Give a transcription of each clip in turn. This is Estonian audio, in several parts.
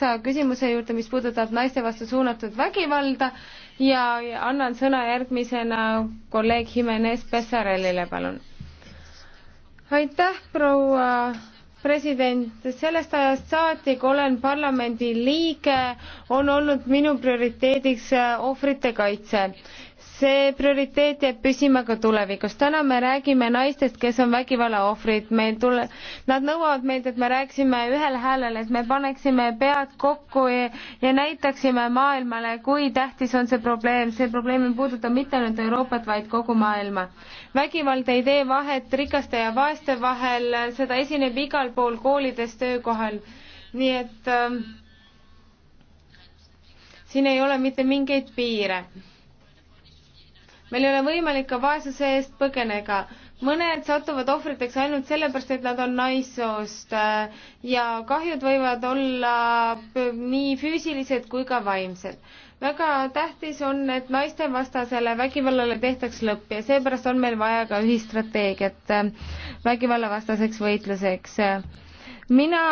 tähtsa küsimuse juurde, mis puudutab naiste vastu suunatud vägivalda ja annan sõna järgmisena kolleeg Jimenez Pessarellile, palun. aitäh, proua president, sellest ajast saati, kui olen parlamendi liige, on olnud minu prioriteediks ohvrite kaitse see prioriteet jääb püsima ka tulevikus. täna me räägime naistest, kes on vägivalla ohvrid, meil tule-, nad nõuavad meilt, et me rääksime ühel häälel, et me paneksime pead kokku ja, ja näitaksime maailmale, kui tähtis on see probleem. see probleem ei puuduta mitte ainult Euroopat, vaid kogu maailma. vägivald ei tee vahet rikaste ja vaeste vahel, seda esineb igal pool, koolides, töökohal. nii et äh, siin ei ole mitte mingeid piire meil ei ole võimalik ka vaesuse eest põgeneda. mõned satuvad ohvriteks ainult sellepärast, et nad on naissoost äh, ja kahjud võivad olla nii füüsilised kui ka vaimsed väga tähtis on, et naistevastasele vägivallale tehtaks lõpp ja seepärast on meil vaja ka ühistrateegiat äh, vägivallavastaseks võitluseks. mina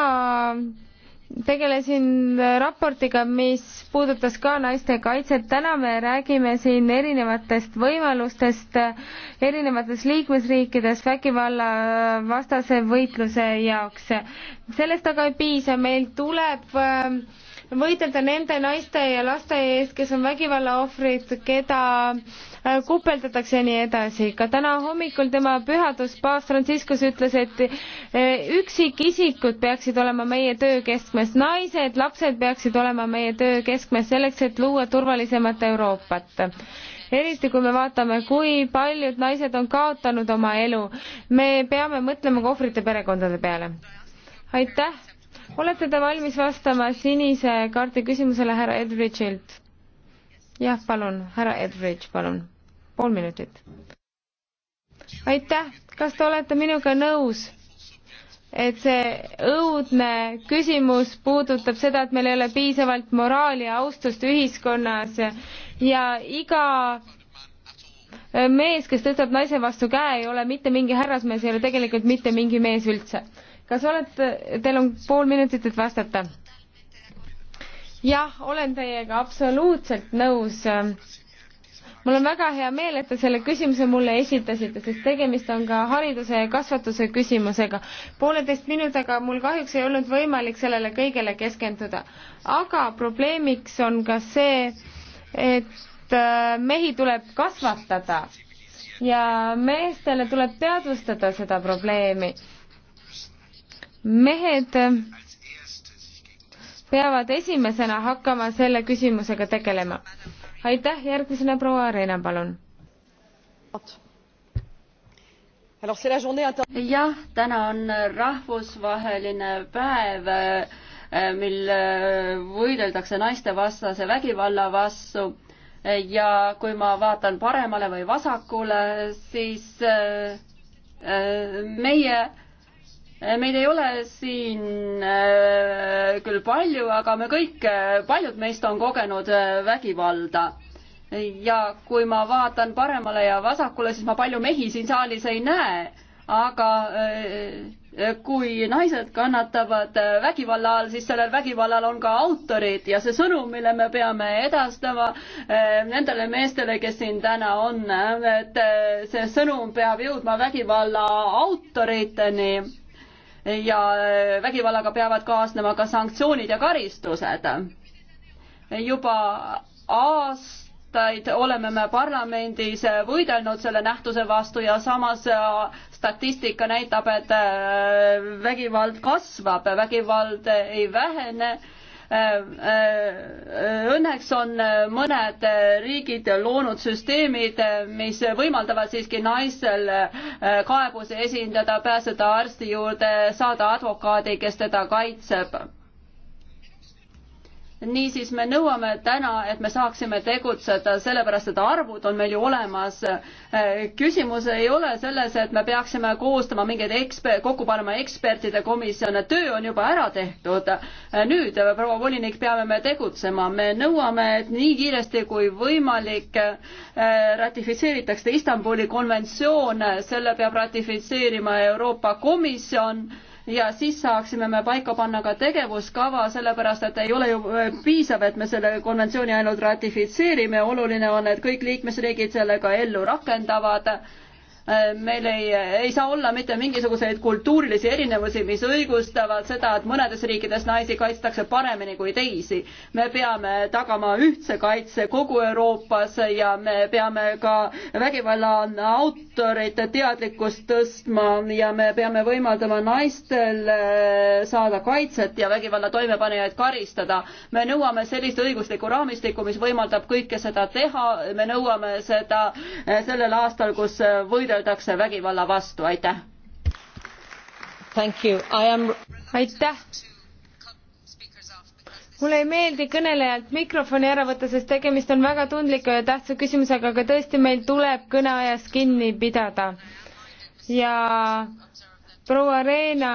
tegelesin raportiga, mis puudutas ka naiste kaitset. täna me räägime siin erinevatest võimalustest erinevates liikmesriikides vägivalla vastase võitluse jaoks. sellest aga ei piisa, meil tuleb äh, võidelda nende naiste ja laste eest, kes on vägivalla ohvrid, keda Äh, kupeldatakse ja nii edasi. ka täna hommikul tema pühadus paavst Franciscus ütles, et äh, üksikisikud peaksid olema meie töö keskmes, naised, lapsed peaksid olema meie töö keskmes selleks, et luua turvalisemat Euroopat eriti kui me vaatame, kui paljud naised on kaotanud oma elu. me peame mõtlema ka ohvrite perekondade peale. aitäh! olete te valmis vastama sinise kaardi küsimusele härra Edridge'ilt? jah, palun, härra Edridge, palun pool minutit. aitäh, kas te olete minuga nõus, et see õudne küsimus puudutab seda, et meil ei ole piisavalt moraali ja austust ühiskonnas ja iga mees, kes tõstab naise vastu käe, ei ole mitte mingi härrasmees, ei ole tegelikult mitte mingi mees üldse. kas olete, teil on pool minutit, et vastata? jah, olen teiega absoluutselt nõus mul on väga hea meel, et te selle küsimuse mulle esitasite, sest tegemist on ka hariduse ja kasvatuse küsimusega. pooleteist minutiga mul kahjuks ei olnud võimalik sellele kõigele keskenduda. aga probleemiks on ka see, et äh, mehi tuleb kasvatada ja meestele tuleb teadvustada seda probleemi. mehed peavad esimesena hakkama selle küsimusega tegelema aitäh, järgmisena proua Arena, palun. jah, täna on rahvusvaheline päev äh, mil äh, võideldakse naistevastase vägivalla vastu ja kui ma vaatan paremale või vasakule, siis äh, meie Äh, meid ei ole siin äh, küll palju, aga me kõik, äh, paljud meist on kogenud vägivalda. ja kui ma vaatan paremale ja vasakule, siis ma palju mehi siin saalis ei näe, aga kui naised kannatavad vägivalla all, siis sellel vägivallal on ka autorid ja see sõnum, mille me peame edastama nendele meestele, kes siin täna on, et see sõnum peab jõudma vägivalla autoriteni ja äh, vägivallaga peavad kaasnema ka sanktsioonid ja karistused. juba aasta aastaid oleme me parlamendis võidelnud selle nähtuse vastu ja samas äh, statistika näitab, et äh, vägivald kasvab, vägivald ei vähene Äh, äh, õnneks on äh, mõned riigid loonud süsteemid, mis võimaldavad siiski naistel kaebusi esindada, pääseda arsti juurde, saada advokaadi, kes teda kaitseb niisiis me nõuame täna, et me saaksime tegutseda, sellepärast et arvud on meil ju olemas. küsimus ei ole selles, et me peaksime koostama mingeid eksper-, kokku panema ekspertide komisjone, töö on juba ära tehtud. nüüd, proua volinik, peame me tegutsema, me nõuame, et nii kiiresti kui võimalik eh, ratifitseeritakse Istanbuli konventsioon, selle peab ratifitseerima Euroopa Komisjon ja siis saaksime me paika panna ka tegevuskava, sellepärast et ei ole ju äh, piisav, et me selle konventsiooni ainult ratifitseerime, oluline on, et kõik liikmesriigid selle ka ellu rakendavad meil ei, ei saa olla mitte mingisuguseid kultuurilisi erinevusi, mis õigustavad seda, et mõnedes riikides naisi kaitstakse paremini kui teisi. me peame tagama ühtse kaitse kogu Euroopas ja me peame ka vägivalla autorite teadlikkust tõstma ja me peame võimaldama naistel äh, saada kaitset ja vägivalla toimepanijaid karistada. me nõuame sellist õiguslikku raamistikku, mis võimaldab kõike seda teha, me nõuame seda äh, sellel aastal, kus võidab töötakse vägivalla vastu, aitäh! Am... aitäh! mulle ei meeldi kõnelejalt mikrofoni ära võtta, sest tegemist on väga tundliku ja tähtsa küsimusega, aga tõesti, meil tuleb kõneajast kinni pidada. ja proua Reena,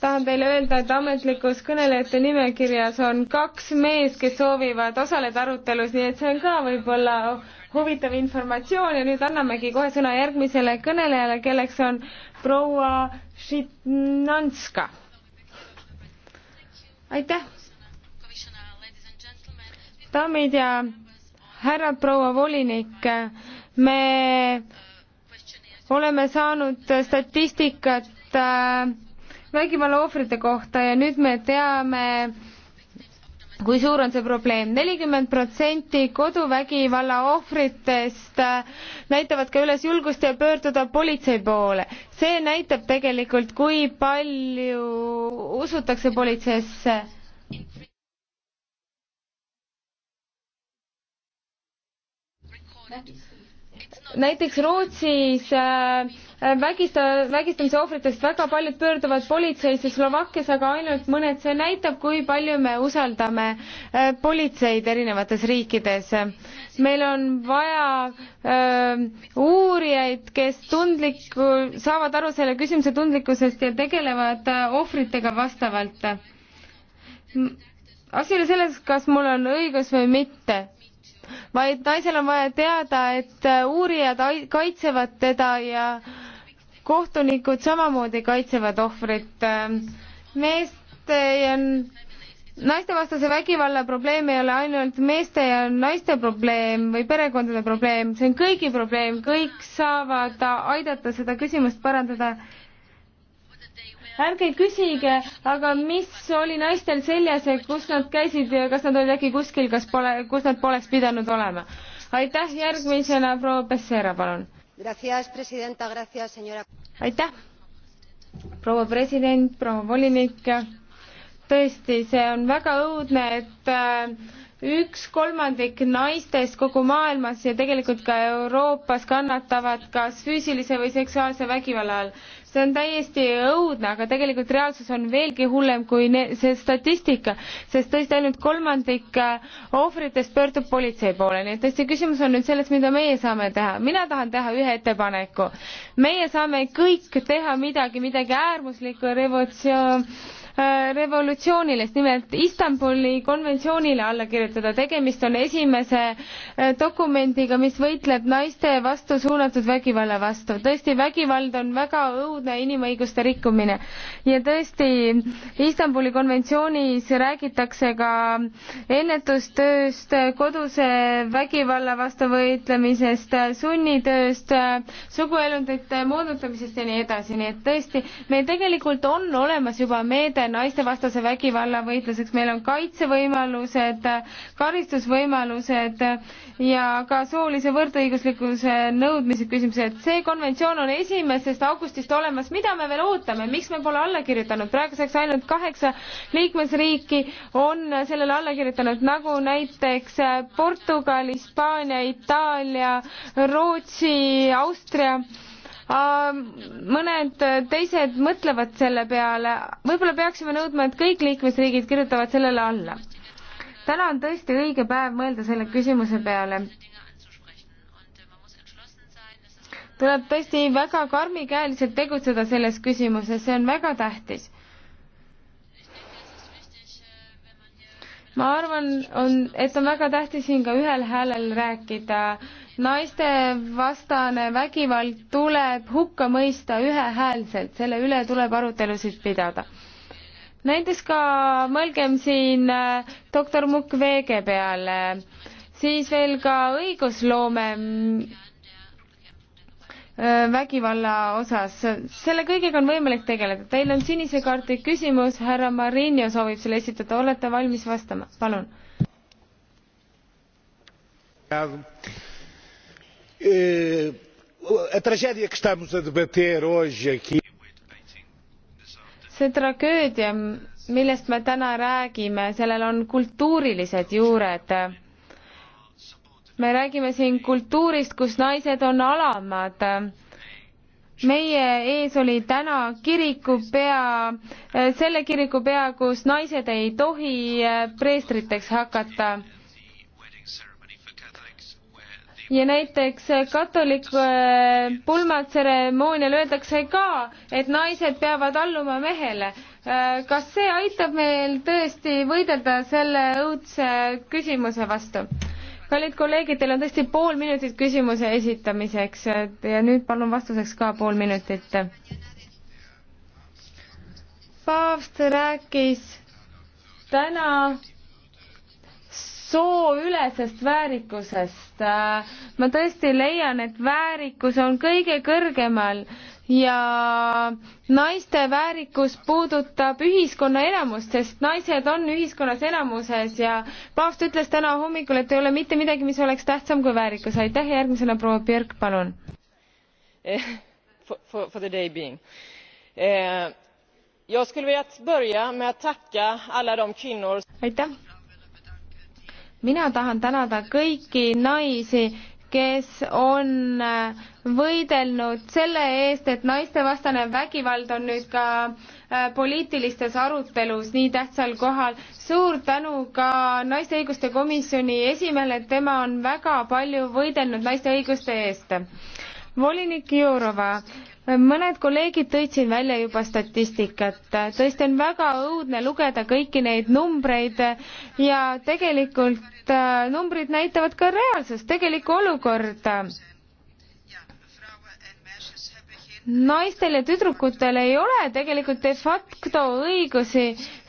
tahan teile öelda, et ametlikus kõnelejate nimekirjas on kaks meest, kes soovivad osaleda arutelus, nii et see on ka võib-olla huvitav informatsioon ja nüüd annamegi kohe sõna järgmisele kõnelejale, kelleks on proua Šitnanska. aitäh. daamid ja härrad, proua volinik, me oleme saanud statistikat äh, vägivalla ohvrite kohta ja nüüd me teame, kui suur on see probleem. nelikümmend protsenti koduvägivalla ohvritest äh, näitavad ka üles julgust ja pöörduda politsei poole. see näitab tegelikult, kui palju usutakse politseisse. näpis näiteks Rootsis äh, vägista-, vägistamise ohvritest väga paljud pöörduvad politseisse Slovakkias, aga ainult mõned, see näitab, kui palju me usaldame äh, politseid erinevates riikides. meil on vaja öö, äh, uurijaid, kes tundliku, saavad aru selle küsimuse tundlikkusest ja tegelevad ohvritega vastavalt. asi ei ole selles, kas mul on õigus või mitte vaid naisel on vaja teada, et äh, uurijad kaitsevad teda ja kohtunikud samamoodi kaitsevad ohvrit. Ähm, meeste ja naistevastase vägivalla probleem ei ole ainult meeste ja naiste probleem või perekondade probleem, see on kõigi probleem, kõik saavad äh, aidata seda küsimust parandada ärge küsige, aga mis oli naistel seljas ja kus nad käisid, kas nad olid äkki kuskil, kas pole, kus nad poleks pidanud olema. aitäh, järgmisena proua Becerra, palun. aitäh, proua president, proua volinik. tõesti, see on väga õudne, et äh, üks kolmandik naistest kogu maailmas ja tegelikult ka Euroopas kannatavad kas füüsilise või seksuaalse vägivalla all see on täiesti õudne, aga tegelikult reaalsus on veelgi hullem kui ne-, see statistika, sest tõesti ainult kolmandik äh, ohvritest pöördub politsei poole, nii et tõesti küsimus on nüüd selles, mida meie saame teha. mina tahan teha ühe ettepaneku. meie saame kõik teha midagi, midagi äärmuslikku, revolutsioon, Äh, revolutsioonilist, nimelt Istanbuli konventsioonile alla kirjutada. tegemist on esimese äh, dokumendiga, mis võitleb naiste vastu suunatud vägivalla vastu. tõesti, vägivald on väga õudne inimõiguste rikkumine ja tõesti, Istanbuli konventsioonis räägitakse ka ennetustööst, koduse vägivalla vastu võitlemisest, sunnitööst, suguelundite moodutamisest ja nii edasi, nii et tõesti, meil tegelikult on olemas juba meede, naistevastase vägivalla võitluseks, meil on kaitsevõimalused, karistusvõimalused ja ka soolise võrdõiguslikkuse nõudmise küsimused. see konventsioon on esimesest augustist olemas, mida me veel ootame, miks me pole alla kirjutanud, praeguseks ainult kaheksa liikmesriiki on sellele alla kirjutanud, nagu näiteks Portugal, Hispaania, Itaalia, Rootsi, Austria Ähm, mõned teised mõtlevad selle peale, võib-olla peaksime nõudma, et kõik liikmesriigid kirjutavad sellele alla. täna on tõesti õige päev mõelda selle küsimuse peale. tuleb tõesti väga karmikäeliselt tegutseda selles küsimuses, see on väga tähtis ma arvan, on, et on väga tähtis siin ka ühel häälel rääkida. naistevastane vägivald tuleb hukka mõista ühehäälselt, selle üle tuleb arutelusid pidada näiteks ka mõelgem siin äh, doktor Mukwege peale, siis veel ka õigusloome Äh, vägivalla osas. selle kõigega on võimalik tegeleda. Teil on sinise kaardi küsimus, härra Marinho soovib selle esitada, olete valmis vastama? palun. Äh, see tragöödia, millest me täna räägime, sellel on kultuurilised juured me räägime siin kultuurist, kus naised on alamad. meie ees oli täna kirikupea, eh, selle kirikupea, kus naised ei tohi eh, preestriteks hakata ja näiteks eh, katoliku pulmatseremoonial öeldakse ka, et naised peavad alluma mehele. kas see aitab meil tõesti võidelda selle õudse küsimuse vastu? kallid kolleegid, teil on tõesti pool minutit küsimuse esitamiseks ja nüüd palun vastuseks ka pool minutit. paavst rääkis täna sooülesest väärikusest. ma tõesti leian, et väärikus on kõige kõrgemal ja naiste väärikus puudutab ühiskonna enamust, sest naised on ühiskonnas enamuses ja paavst ütles täna hommikul, et ei ole mitte midagi, mis oleks tähtsam kui väärikus. aitäh, järgmisena proua Björk, palun. Eh, for, for, for the day being eh,. Jag skulle vilja börja med att tacka alla de kvinnor aitäh mina tahan tänada kõiki naisi, kes on äh, võidelnud selle eest, et naistevastane vägivald on nüüd ka äh, poliitilistes arutelus nii tähtsal kohal. suur tänu ka Naiste Õiguste Komisjoni esimehele, tema on väga palju võidelnud naiste õiguste eest. volinik Jurova mõned kolleegid tõid siin välja juba statistikat. tõesti on väga õudne lugeda kõiki neid numbreid ja tegelikult äh, numbrid näitavad ka reaalsust, tegelikku olukorda naistel ja tüdrukutel ei ole tegelikult de facto õigusi,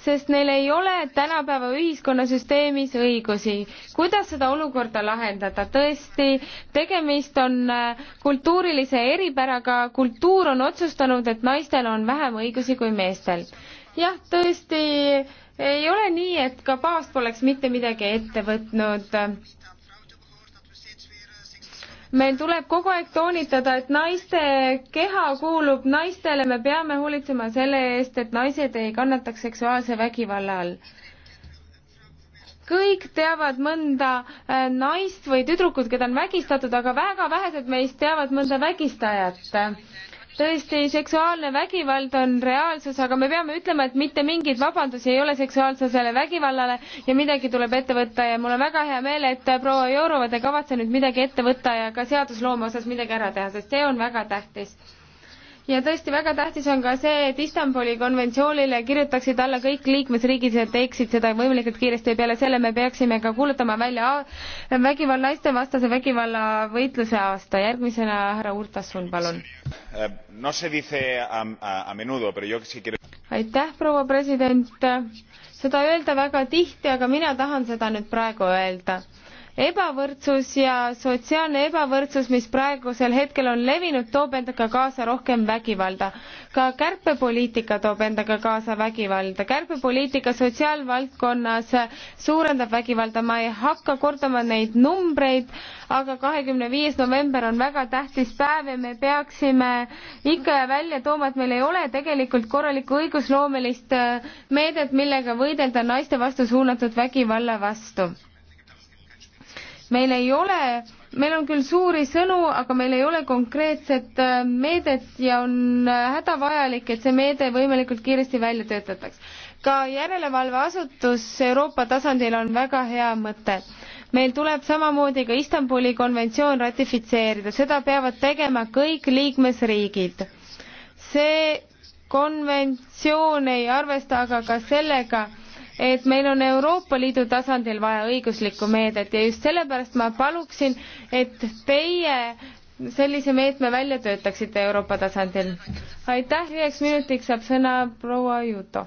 sest neil ei ole tänapäeva ühiskonnasüsteemis õigusi. kuidas seda olukorda lahendada? tõesti, tegemist on äh, kultuurilise eripäraga, kultuur on otsustanud, et naistel on vähem õigusi kui meestel. jah, tõesti, ei ole nii, et ka paavst poleks mitte midagi ette võtnud meil tuleb kogu aeg toonitada, et naiste keha kuulub naistele, me peame hoolitsema selle eest, et naised ei kannataks seksuaalse vägivalla all. kõik teavad mõnda äh, naist või tüdrukut, keda on vägistatud, aga väga vähesed meist teavad mõnda vägistajat tõesti, seksuaalne vägivald on reaalsus, aga me peame ütlema, et mitte mingeid vabandusi ei ole seksuaalsele vägivallale ja midagi tuleb ette võtta ja mul on väga hea meel, et proua Jourova, te kavatse nüüd midagi ette võtta ja ka seadusloome osas midagi ära teha, sest see on väga tähtis ja tõesti väga tähtis on ka see, et Istanbuli konventsioonile kirjutaksid alla kõik liikmesriigid, et teeksid seda võimalikult kiiresti ja peale selle me peaksime ka kuulutama välja vägivalla, naistevastase vägivalla võitluse aasta. järgmisena härra Urtasun, palun. aitäh, proua president. seda öelda väga tihti, aga mina tahan seda nüüd praegu öelda ebavõrdsus ja sotsiaalne ebavõrdsus, mis praegusel hetkel on levinud, toob endaga kaasa rohkem vägivalda. ka kärpepoliitika toob endaga kaasa vägivalda. kärpepoliitika sotsiaalvaldkonnas suurendab vägivalda. ma ei hakka kordama neid numbreid, aga kahekümne viies november on väga tähtis päev ja me peaksime ikka ja välja tooma, et meil ei ole tegelikult korralikku õigusloomelist meedet, millega võidelda naiste vastu suunatud vägivalla vastu meil ei ole, meil on küll suuri sõnu, aga meil ei ole konkreetset äh, meedet ja on äh, hädavajalik, et see meede võimalikult kiiresti välja töötataks. ka järelevalveasutus Euroopa tasandil on väga hea mõte meil tuleb samamoodi ka Istanbuli konventsioon ratifitseerida, seda peavad tegema kõik liikmesriigid. see konventsioon ei arvesta aga ka sellega, et meil on Euroopa Liidu tasandil vaja õiguslikku meedet ja just sellepärast ma paluksin, et teie sellise meetme välja töötaksite Euroopa tasandil. aitäh, viieks minutiks saab sõna proua Juto.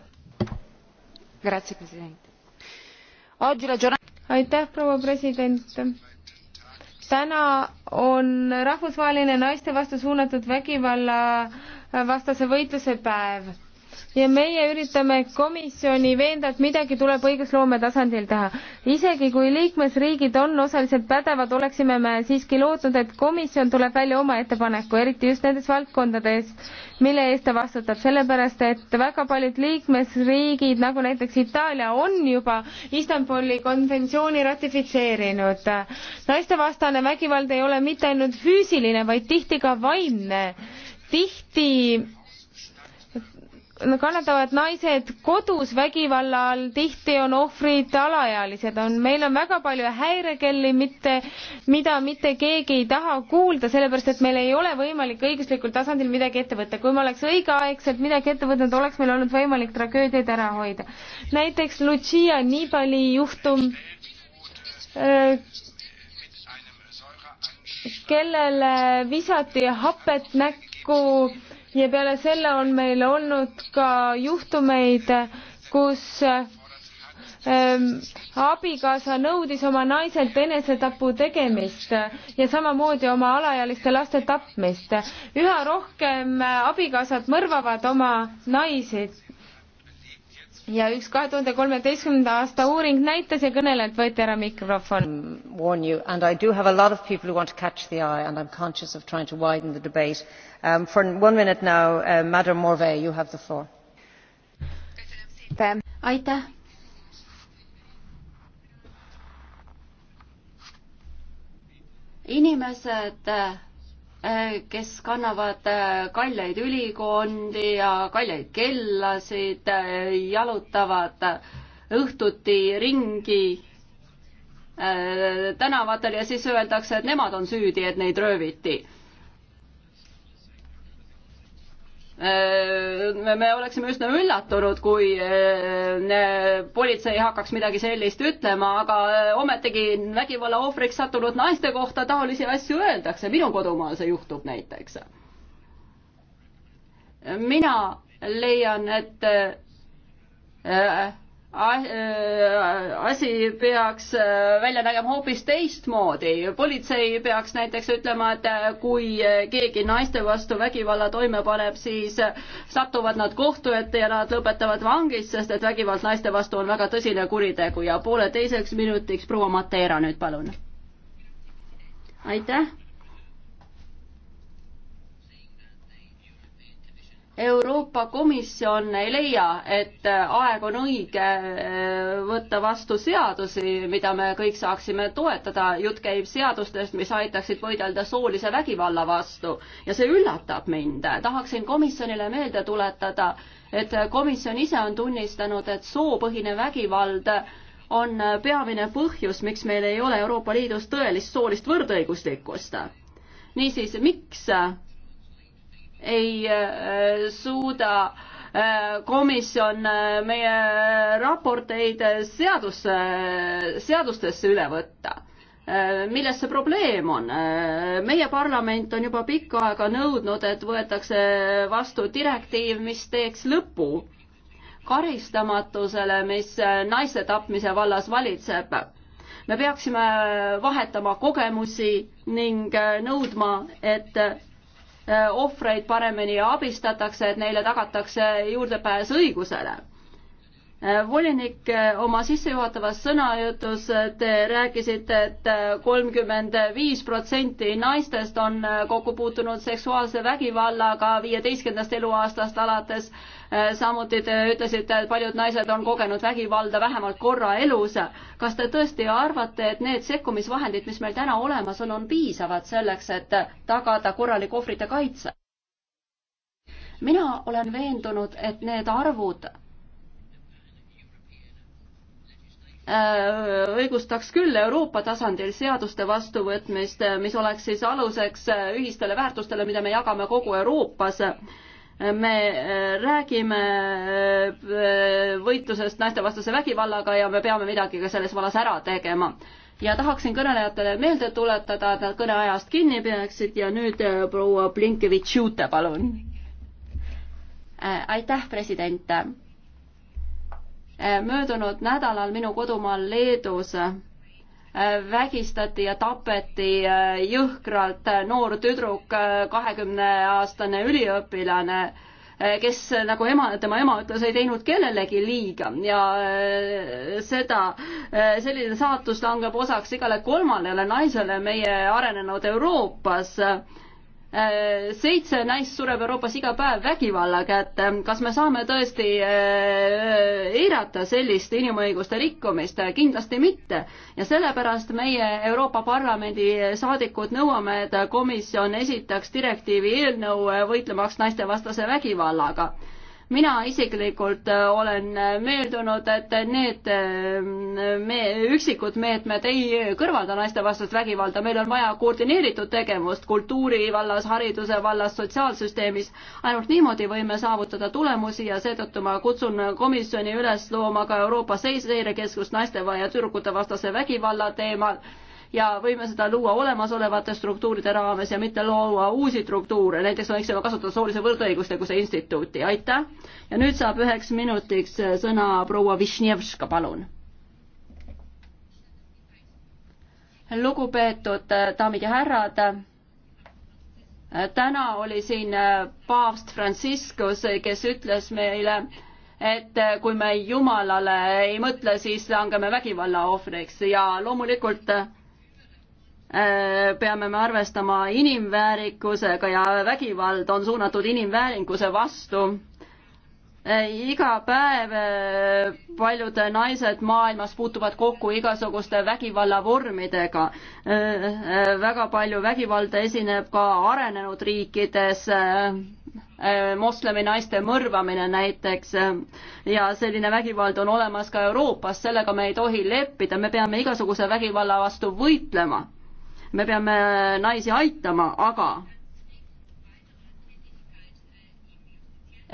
aitäh, proua president. täna on rahvusvaheline naiste vastu suunatud vägivalla vastase võitluse päev ja meie üritame komisjoni veenda, et midagi tuleb õigusloome tasandil teha. isegi kui liikmesriigid on osaliselt pädevad, oleksime me siiski lootnud, et komisjon tuleb välja oma ettepaneku, eriti just nendes valdkondades, mille eest ta vastutab, sellepärast et väga paljud liikmesriigid, nagu näiteks Itaalia, on juba Istanbuli konventsiooni ratifitseerinud. naistevastane vägivald ei ole mitte ainult füüsiline, vaid tihti ka vaimne. tihti kannatavad naised kodus vägivalla all, tihti on ohvrid alaealised, on, meil on väga palju häirekelli, mitte, mida mitte keegi ei taha kuulda, sellepärast et meil ei ole võimalik õiguslikul tasandil midagi ette võtta. kui me oleks õigeaegselt midagi ette võtnud, oleks meil olnud võimalik tragöödiaid ära hoida. näiteks Lucia Nibali juhtum öö, äh, kellele visati hapet näkku ja peale selle on meil olnud ka juhtumeid, kus ähm, abikaasa nõudis oma naiselt enesetapu tegemist ja samamoodi oma alaealiste laste tapmist. üha rohkem abikaasad mõrvavad oma naisi ja üks kahe tuhande kolmeteistkümnenda aasta uuring näitas ja kõnelejalt võeti ära mikrofon. Mm, warn you and i do have a lot of people who want to catch the eye and i am conscious of trying to widen the debate um, for one minute now uh, madam morvai you have the floor. aitäh. inimesed Äh, kes kannavad äh, kaljaid ülikondi ja kaljaid kellasid, äh, jalutavad õhtuti ringi tänavatel ja siis öeldakse, et nemad on süüdi, et neid rööviti Äh, me oleksime üsna üllatunud, kui äh, politsei hakkaks midagi sellist ütlema, aga äh, ometigi vägivalla ohvriks sattunud naiste kohta taolisi asju öeldakse, minu kodumaal see juhtub näiteks. mina leian, et Ah, äh, asi peaks äh, välja nägema hoopis teistmoodi. politsei peaks näiteks ütlema, et äh, kui keegi naiste vastu vägivalla toime paneb, siis satuvad nad kohtu ette ja nad lõpetavad vangis, sest et vägivald naiste vastu on väga tõsine kuritegu ja pooleteiseks minutiks proua Mateera nüüd palun. aitäh Euroopa Komisjon ei leia, et äh, aeg on õige äh, võtta vastu seadusi, mida me kõik saaksime toetada. jutt käib seadustest, mis aitaksid võidelda soolise vägivalla vastu ja see üllatab mind. tahaksin komisjonile meelde tuletada, et komisjon ise on tunnistanud, et soopõhine vägivald on peamine põhjus, miks meil ei ole Euroopa Liidus tõelist soolist võrdõiguslikkust. niisiis, miks ei äh, suuda äh, komisjon äh, meie raporteid seadus, seadustesse üle võtta. milles see probleem on? meie parlament on juba pikka aega nõudnud, et võetakse vastu direktiiv, mis teeks lõpu karistamatusele, mis naiste tapmise vallas valitseb. me peaksime vahetama kogemusi ning nõudma, et Äh, ohvreid paremini abistatakse, et neile tagatakse juurdepääs õigusele äh, volinik, äh, oma sissejuhatavas sõnajutus te rääkisite et, et kolmkümmend viis protsenti naistest on kokku puutunud seksuaalse vägivallaga viieteistkümnendast eluaastast alates Äh, samuti te ütlesite, et paljud naised on kogenud vägivalda vähemalt korra elus. kas te tõesti arvate, et need sekkumisvahendid, mis meil täna olemas on, on piisavad selleks, et tagada korralik ohvrite kaitse? mina olen veendunud, et need arvud äh, õigustaks küll Euroopa tasandil seaduste vastuvõtmist, mis oleks siis aluseks ühistele väärtustele, mida me jagame kogu Euroopas me äh, räägime äh, võitlusest naistevastase vägivallaga ja me peame midagi ka selles vallas ära tegema. ja tahaksin kõnelejatele meelde tuletada, et nad kõneajast kinni peaksid ja nüüd äh, proua Blinkevitš-Jute, palun. aitäh, president. möödunud nädalal minu kodumaal Leedus vägistati ja tapeti äh, jõhkralt noor tüdruk, äh, kahekümneaastane üliõpilane, äh, kes nagu ema, tema ema ütles, ei teinud kellelegi liiga ja seda, selline saatus langeb osaks igale kolmandale naisele meie arenenud Euroopas Äh, seitse naist sureb Euroopas iga päev vägivalla kätte. kas me saame tõesti äh, eirata sellist inimõiguste rikkumist? kindlasti mitte. ja sellepärast meie Euroopa Parlamendi saadikud nõuame, et komisjon esitaks direktiivi eelnõu äh, võitlemaks naistevastase vägivallaga mina isiklikult äh, olen äh, möödunud, et need äh, me, üksikud meetmed ei kõrvalda naistevastast vägivalda, meil on vaja koordineeritud tegevust kultuuri vallas, hariduse vallas, sotsiaalsüsteemis. ainult niimoodi võime saavutada tulemusi ja seetõttu ma kutsun komisjoni üles looma ka Euroopa seirekeskust naiste ja tüdrukute vastase vägivalla teemal ja võime seda luua olemasolevate struktuuride raames ja mitte luua uusi struktuure, näiteks võiksime kasutada soolise võrdõiguslikkuse instituuti, aitäh. ja nüüd saab üheks minutiks sõna proua Višnjevska, palun. lugupeetud daamid ja härrad täna oli siin paavst Franciscus, kes ütles meile, et kui me Jumalale ei mõtle, siis langeme vägivalla ohvriks ja loomulikult Äh, peame me arvestama inimväärikusega ja vägivald on suunatud inimväärikuse vastu. Äh, iga päev äh, paljud naised maailmas puutuvad kokku igasuguste vägivallavormidega. väga palju vägivalda esineb ka arenenud riikides moslemi naiste mõrvamine näiteks ja selline vägivald on olemas ka Euroopas, sellega me ei tohi leppida, me peame igasuguse vägivalla vastu võitlema me peame naisi aitama, aga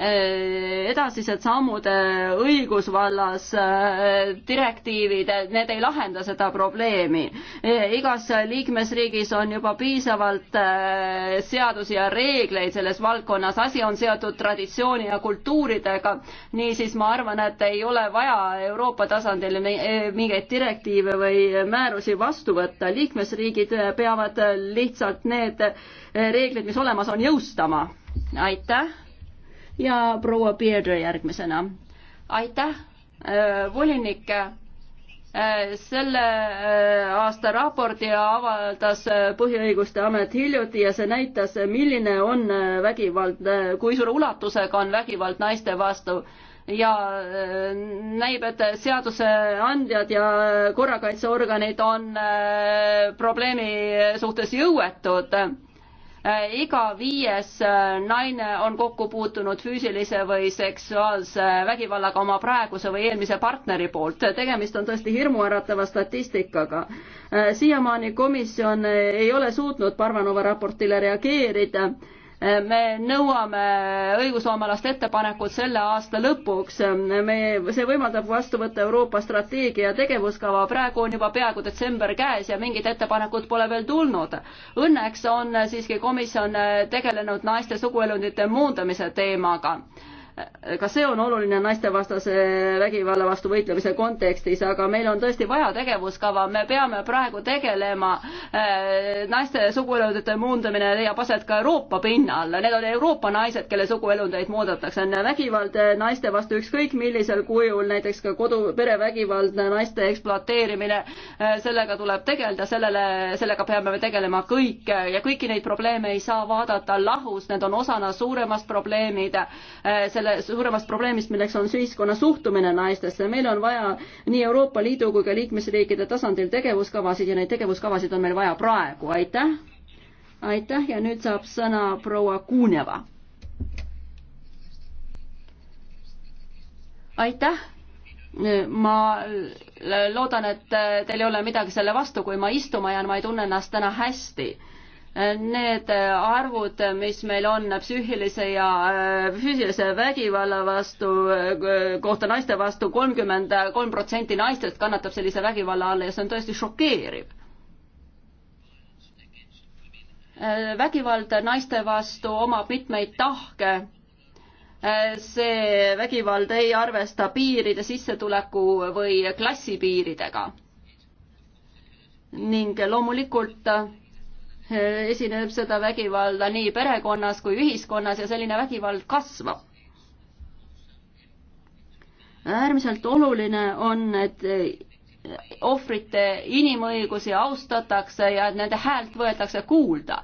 Äh, edasised sammud äh, õigusvallas, äh, direktiivid, need ei lahenda seda probleemi. igas liikmesriigis on juba piisavalt seadusi ja reegleid selles valdkonnas, asi on seotud traditsiooni ja kultuuridega, niisiis ma arvan, et ei ole vaja Euroopa tasandil mingeid direktiive või määrusi vastu võtta, liikmesriigid peavad lihtsalt need reeglid, mis olemas on, jõustama. aitäh! ja proua Bearder järgmisena. aitäh, äh, volinik äh, selle äh, aasta raporti avaldas Põhiõiguste Amet hiljuti ja see näitas, milline on vägivald, kui suure ulatusega on vägivald naiste vastu ja näib, et seaduseandjad ja korrakaitseorganid on probleemi suhtes jõuetud Äh, iga viies äh, naine on kokku puutunud füüsilise või seksuaalse vägivallaga oma praeguse või eelmise partneri poolt. tegemist on tõesti hirmuäratava statistikaga. Äh, siiamaani komisjon ei ole suutnud Parvanova raportile reageerida me nõuame õigusloomalaste ettepanekut selle aasta lõpuks. me, see võimaldab vastu võtta Euroopa strateegia ja tegevuskava, praegu on juba peaaegu detsember käes ja mingit ettepanekut pole veel tulnud. Õnneks on siiski komisjon tegelenud naiste suguelundite muundamise teemaga ka see on oluline naistevastase vägivalla vastu võitlemise kontekstis, aga meil on tõesti vaja tegevuskava, me peame praegu tegelema eh, naiste suguelundite muundamine leiab aset ka Euroopa pinnal, need on Euroopa naised, kelle suguelundeid muudetakse, on vägivald naiste vastu ükskõik millisel kujul, näiteks ka kodu, perevägivald, naiste ekspluateerimine, eh, sellega tuleb tegeleda, sellele, sellega peame me tegelema kõik ja kõiki neid probleeme ei saa vaadata lahus, need on osana suuremast probleemid, eh, selle selle suuremast probleemist, milleks on ühiskonna suhtumine naistesse. meil on vaja nii Euroopa Liidu kui ka liikmesriikide tasandil tegevuskavasid ja neid tegevuskavasid on meil vaja praegu, aitäh. aitäh ja nüüd saab sõna proua Kuuneva. aitäh ma loodan, et teil ei ole midagi selle vastu, kui ma istuma jään, ma ei tunne ennast täna hästi need arvud, mis meil on psüühilise ja äh, füüsilise vägivalla vastu, äh, kohta naiste vastu, kolmkümmend kolm protsenti naistest kannatab sellise vägivalla all ja see on tõesti šokeeriv. Äh, vägivald naiste vastu omab mitmeid tahke. see vägivald ei arvesta piiride, sissetuleku või klassi piiridega. ning loomulikult esineb seda vägivalda nii perekonnas kui ühiskonnas ja selline vägivald kasvab. äärmiselt oluline on, et ohvrite inimõigusi austatakse ja et nende häält võetakse kuulda.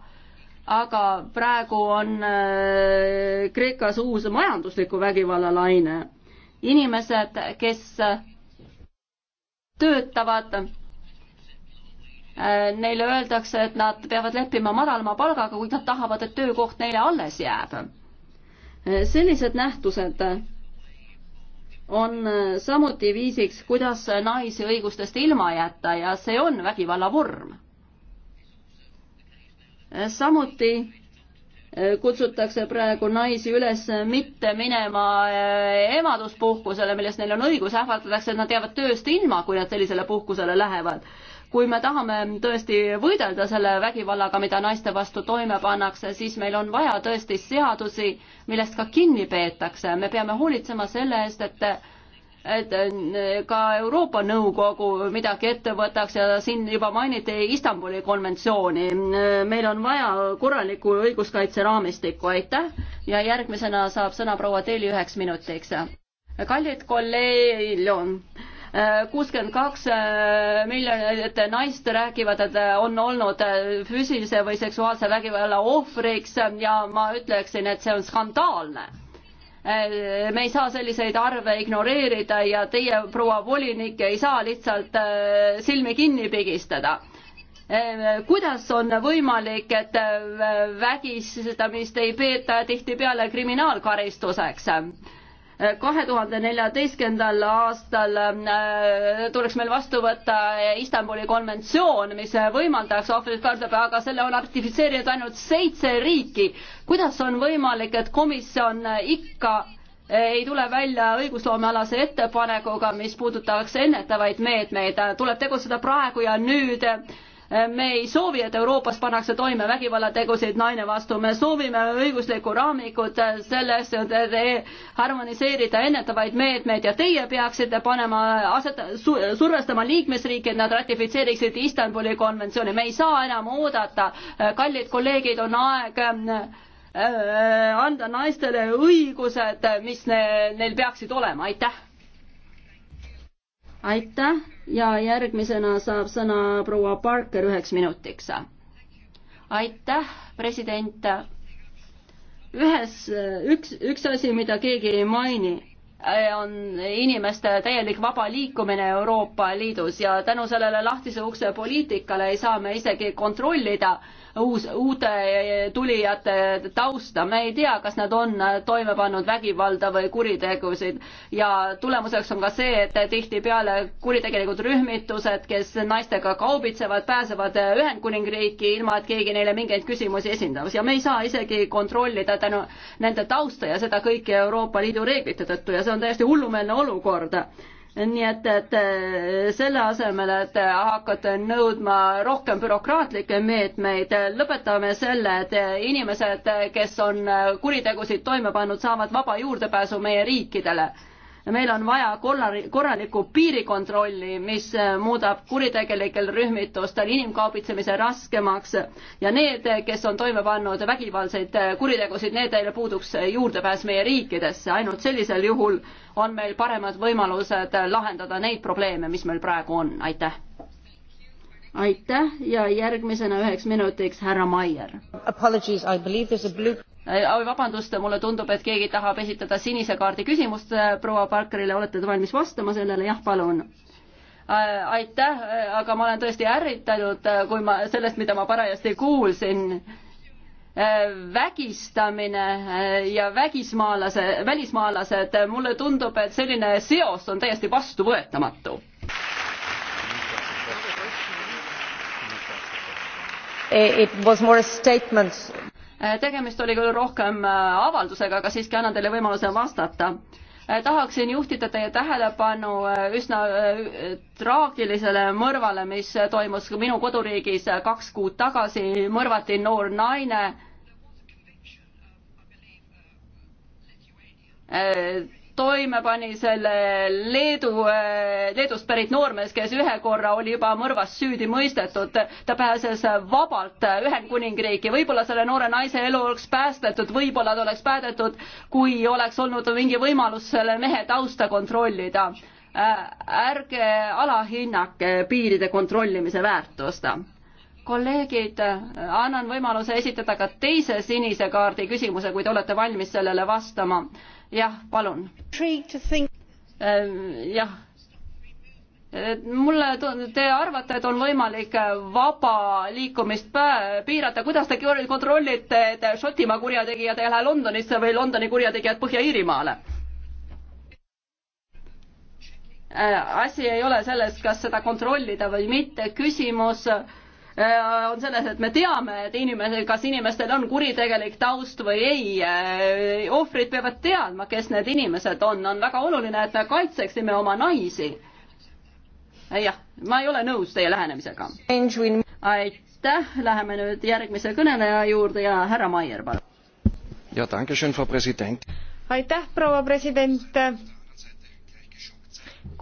aga praegu on äh, Kreekas uus majandusliku vägivalla laine. inimesed, kes töötavad Äh, neile öeldakse, et nad peavad leppima madalama palgaga, kuid nad tahavad, et töökoht neile alles jääb. Äh, sellised nähtused on äh, samuti viisiks, kuidas naisi õigustest ilma jätta ja see on vägivalla vorm. samuti kutsutakse praegu naisi üles mitte minema emaduspuhkusele, millest neil on õigus, ähvardatakse, et nad jäävad tööst ilma, kui nad sellisele puhkusele lähevad kui me tahame tõesti võidelda selle vägivallaga, mida naiste vastu toime pannakse, siis meil on vaja tõesti seadusi, millest ka kinni peetakse. me peame hoolitsema selle eest, et et ka Euroopa Nõukogu midagi ette võtaks ja siin juba mainiti Istanbuli konventsiooni. meil on vaja korralikku õiguskaitseraamistikku, aitäh ja järgmisena saab sõna proua Teeli üheks minutiks. kallid kolleegid, kuuskümmend kaks äh, miljonit naist räägivad, et äh, on olnud äh, füüsilise või seksuaalse vägivalla ohvriks ja ma ütleksin, et see on skandaalne me ei saa selliseid arve ignoreerida ja teie, proua volinik, ei saa lihtsalt silmi kinni pigistada. kuidas on võimalik, et vägistamist ei peeta tihtipeale kriminaalkaristuseks? kahe tuhande neljateistkümnendal aastal äh, tuleks meil vastu võtta Istanbuli konventsioon, mis võimaldaks ohvrit kaardata, aga selle on ratifitseerinud ainult seitse riiki. kuidas on võimalik, et komisjon ikka ei tule välja õigusloomealase ettepanekuga, mis puudutaks ennetavaid meetmeid, tuleb tegutseda praegu ja nüüd me ei soovi, et Euroopas pannakse toime vägivallategusid naine vastu, me soovime õiguslikku raamikut selles, et harmoniseerida ennetavaid meetmeid ja teie peaksite panema, aset-, survestama liikmesriike, et nad ratifitseeriksid Istanbuli konventsiooni, me ei saa enam oodata, kallid kolleegid, on aeg äh, anda naistele õigused, mis ne, neil peaksid olema, aitäh! aitäh! ja järgmisena saab sõna proua Parker üheks minutiks. aitäh, president. ühes, üks, üks asi, mida keegi ei maini, on inimeste täielik vaba liikumine Euroopa Liidus ja tänu sellele lahtise ukse poliitikale ei saa me isegi kontrollida äh, uus, uute tulijate tausta, me ei tea, kas nad on toime pannud vägivalda või kuritegusid ja tulemuseks on ka see, et tihtipeale kuritegelikud rühmitused, kes naistega kaubitsevad, pääsevad Ühendkuningriiki ilma, et keegi neile mingeid küsimusi esindaks ja me ei saa isegi kontrollida tänu nende tausta ja seda kõike Euroopa Liidu reeglite tõttu ja see on täiesti hullumeelne olukord nii et, et eh, selle asemel, et hakata nõudma rohkem bürokraatlikke meetmeid, lõpetame selle, et inimesed, kes on kuritegusid toime pannud, saavad vaba juurdepääsu meie riikidele meil on vaja kollari, korralikku piirikontrolli, mis äh, muudab kuritegelikel rühmitustel inimkaubitsemise raskemaks ja need, äh, kes on toime pannud vägivaldseid äh, kuritegusid, nendele puuduks juurdepääs meie riikidesse, ainult sellisel juhul on meil paremad võimalused lahendada neid probleeme, mis meil praegu on, aitäh aitäh ja järgmisena üheks minutiks härra Maier. Apologies, I believe there is a blue vabandust, mulle tundub, et keegi tahab esitada sinise kaardi küsimust äh, proua Parkerile, olete te valmis vastama sellele, jah, palun? Äh, aitäh, äh, aga ma olen tõesti ärritunud, kui ma sellest, mida ma parajasti kuulsin. vägistamine ja vägismaalase, välismaalased, mulle tundub, et selline seos on täiesti vastuvõetamatu Eh, it was more a statement. Eh, tegemist oli küll rohkem eh, avaldusega, aga siiski annan teile võimaluse vastata. tahaksin juhtida teie tähelepanu üsna traagilisele mõrvale, mis toimus minu koduriigis kaks kuud tagasi, mõrvati noor naine toime pani selle Leedu, äh, Leedust pärit noormees, kes ühe korra oli juba mõrvas süüdi mõistetud. ta pääses vabalt Ühendkuningriiki, võib-olla selle noore naise elu oleks päästetud, võib-olla ta oleks päädetud, kui oleks olnud mingi võimalus selle mehe tausta kontrollida. Äh, ärge alahinnake piiride kontrollimise väärtust kolleegid, annan võimaluse esitada ka teise sinise kaardi küsimuse, kui te olete valmis sellele vastama jah, palun. Ähm, jah mulle tund-, te arvate, et on võimalik äh, vaba liikumist piirata, kuidas te kontrollite, et Šotimaa kurjategijad ei lähe Londonisse või Londoni kurjategijad Põhja-Iirimaale? Äh, asi ei ole selles, kas seda kontrollida või mitte, küsimus äh, Äh, on selles, et me teame, et inimesed, kas inimestel on kuritegelik taust või ei. Äh, ohvrid peavad teadma, kes need inimesed on, on väga oluline, et me kaitseksime oma naisi. Äh, jah, ma ei ole nõus teie lähenemisega. aitäh, läheme nüüd järgmise kõneleja juurde ja härra Maier, palun. ja, aitäh, proua president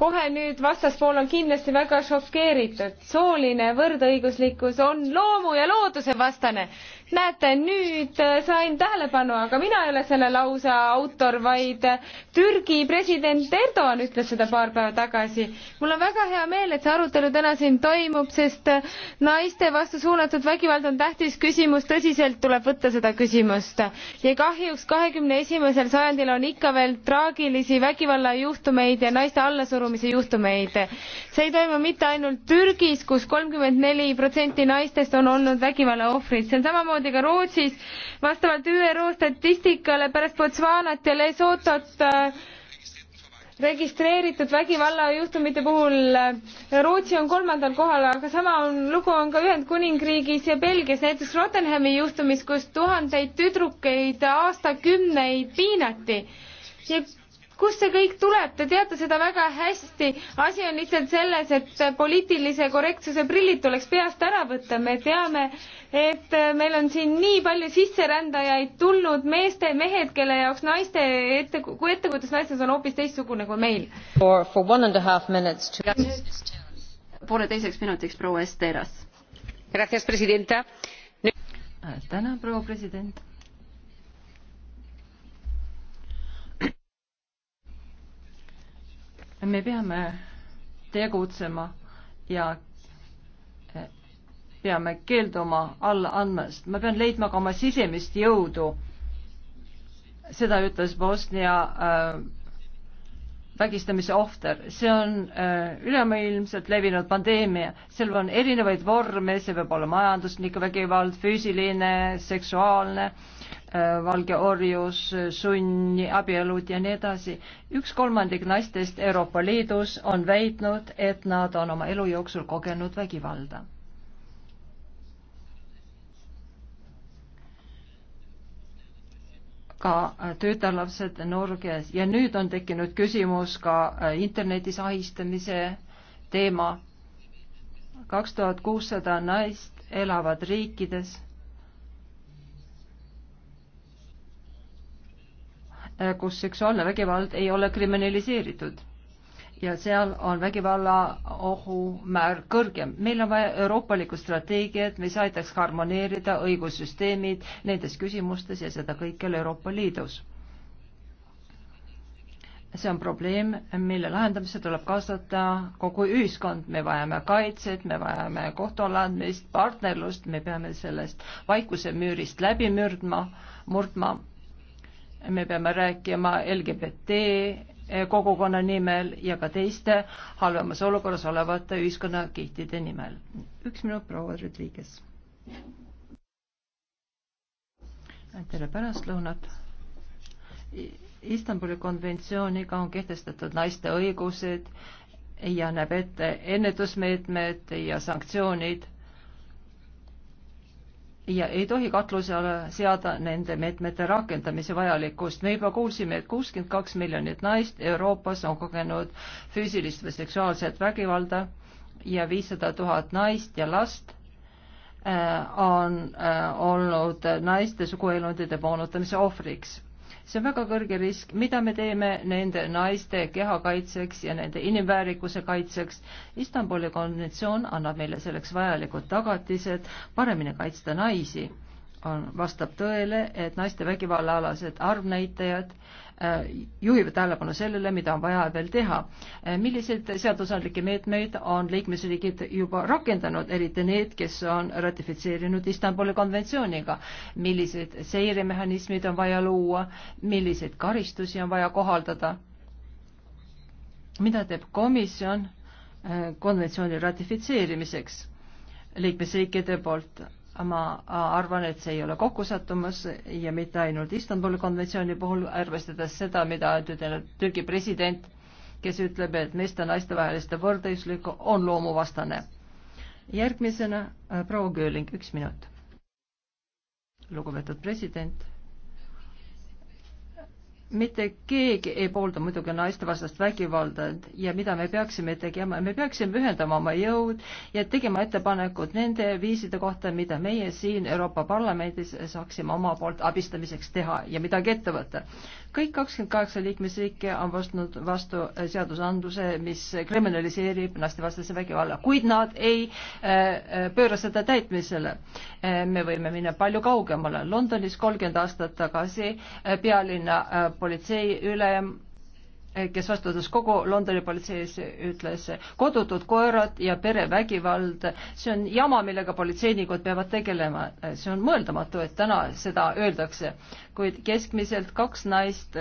kohe nüüd vastaspool on kindlasti väga šokeeritud. sooline võrdõiguslikkus on loomu ja looduse vastane näete, nüüd äh, sain tähelepanu, aga mina ei ole selle lause autor, vaid äh, Türgi president Erdoğan ütles seda paar päeva tagasi. mul on väga hea meel, et see arutelu täna siin toimub, sest äh, naiste vastu suunatud vägivald on tähtis küsimus, tõsiselt tuleb võtta seda küsimust. ja kahjuks kahekümne esimesel sajandil on ikka veel traagilisi vägivallajuhtumeid ja naiste allasurumise juhtumeid. see ei toimu mitte ainult Türgis kus, kus kolmkümmend neli protsenti naistest on olnud vägivalla ohvrid, see on samamoodi samamoodi ka Rootsis. vastavalt ÜRO statistikale pärast Botswanat ja Lesotot äh, registreeritud vägivallajuhtumite puhul äh, Rootsi on kolmandal kohal, aga sama on, lugu on ka Ühendkuningriigis ja Belgias, näiteks Rottenhami juhtumis, kus tuhandeid tüdrukeid aastakümneid piinati ja kust see kõik tuleb, te teate seda väga hästi. asi on lihtsalt selles, et poliitilise korrektsuse prillid tuleks peast ära võtta. me teame, et meil on siin nii palju sisserändajaid tulnud, meeste, mehed, kelle jaoks naiste ette, kui ettekujutus naistes on hoopis teistsugune kui meil. pooleteiseks minutiks proua Esteras. tänan, proua president me peame tegutsema ja eh, peame keelduma alla andmast. ma pean leidma ka oma sisemist jõudu. seda ütles Bosnia äh, vägistamise ohver, see on äh, ülemaailmselt levinud pandeemia, seal on erinevaid vorme, see võib olla majanduslik vägivald, füüsiline, seksuaalne, äh, valge orjus, sunn, abielud ja nii edasi. üks kolmandik naistest Euroopa Liidus on väitnud, et nad on oma elu jooksul kogenud vägivalda ka äh, tütarlapsed Norges ja nüüd on tekkinud küsimus ka äh, internetis ahistamise teema. kaks tuhat kuussada naist elavad riikides, äh, kus seksuaalne vägivald ei ole kriminaliseeritud ja seal on vägivalla ohumäär kõrgem. meil on vaja euroopalikku strateegiat, mis aitaks harmoneerida õigussüsteemid nendes küsimustes ja seda kõikjal Euroopa Liidus. see on probleem, mille lahendamisse tuleb kaasata kogu ühiskond, me vajame kaitset, me vajame kohtualandmist, partnerlust, me peame sellest vaikuse müürist läbi mürdma, murdma, me peame rääkima LGBT kogukonna nimel ja ka teiste halvemas olukorras olevate ühiskonnakihtide nimel. üks minut, proua Rodriguez. tere pärastlõunat. Istanbuli konventsiooniga on kehtestatud naiste õigused ja näeb ette ennetusmeetmed ja sanktsioonid ja ei tohi katluse alla seada nende meetmete rakendamise vajalikkust. me juba kuulsime, et kuuskümmend kaks miljonit naist Euroopas on kogenud füüsilist või seksuaalset vägivalda ja viissada tuhat naist ja last äh, on äh, olnud naiste suguelundide moonutamise ohvriks see on väga kõrge risk, mida me teeme nende naiste keha kaitseks ja nende inimväärikuse kaitseks. Istanbuli konventsioon annab meile selleks vajalikud tagatised paremini kaitsta naisi on, vastab tõele, et naiste vägivallaalased arvnäitajad äh, juhivad tähelepanu sellele, mida on vaja veel teha. Äh, milliseid seadusandlikke meetmeid on liikmesriigid juba rakendanud, eriti need, kes on ratifitseerinud Istanbuli konventsiooniga? millised seiremehhanismid on vaja luua, milliseid karistusi on vaja kohaldada? mida teeb komisjon äh, konventsiooni ratifitseerimiseks liikmesriikide poolt? ma arvan, et see ei ole kokkusattumus ja mitte ainult Istanbuli konventsiooni puhul, arvestades seda, mida ütlenud Türgi president, kes ütleb, et meeste ja naiste vaheliste võrdõiguslik on loomuvastane. järgmisena äh, proua Gööling, üks minut. lugupeetud president mitte keegi ei poolda muidugi naistevastast vägivalda ja mida me peaksime tegema, me peaksime ühendama oma jõud ja tegema ettepanekud nende viiside kohta, mida meie siin Euroopa Parlamendis saaksime oma poolt abistamiseks teha ja midagi ette võtta kõik kakskümmend kaheksa liikmesriiki on võtnud vastu äh, seadusandluse, mis kriminaliseerib lastevastase vägivalla, kuid nad ei äh, äh, pööra seda täitmisele. me võime minna palju kaugemale. Londonis kolmkümmend aastat tagasi pealinna politseiülem Eh, kes vastutas kogu Londoni politsei ees, ütles kodutud koerad ja perevägivald, see on jama, millega politseinikud peavad tegelema. Eh, see on mõeldamatu, et täna seda öeldakse, kuid keskmiselt kaks naist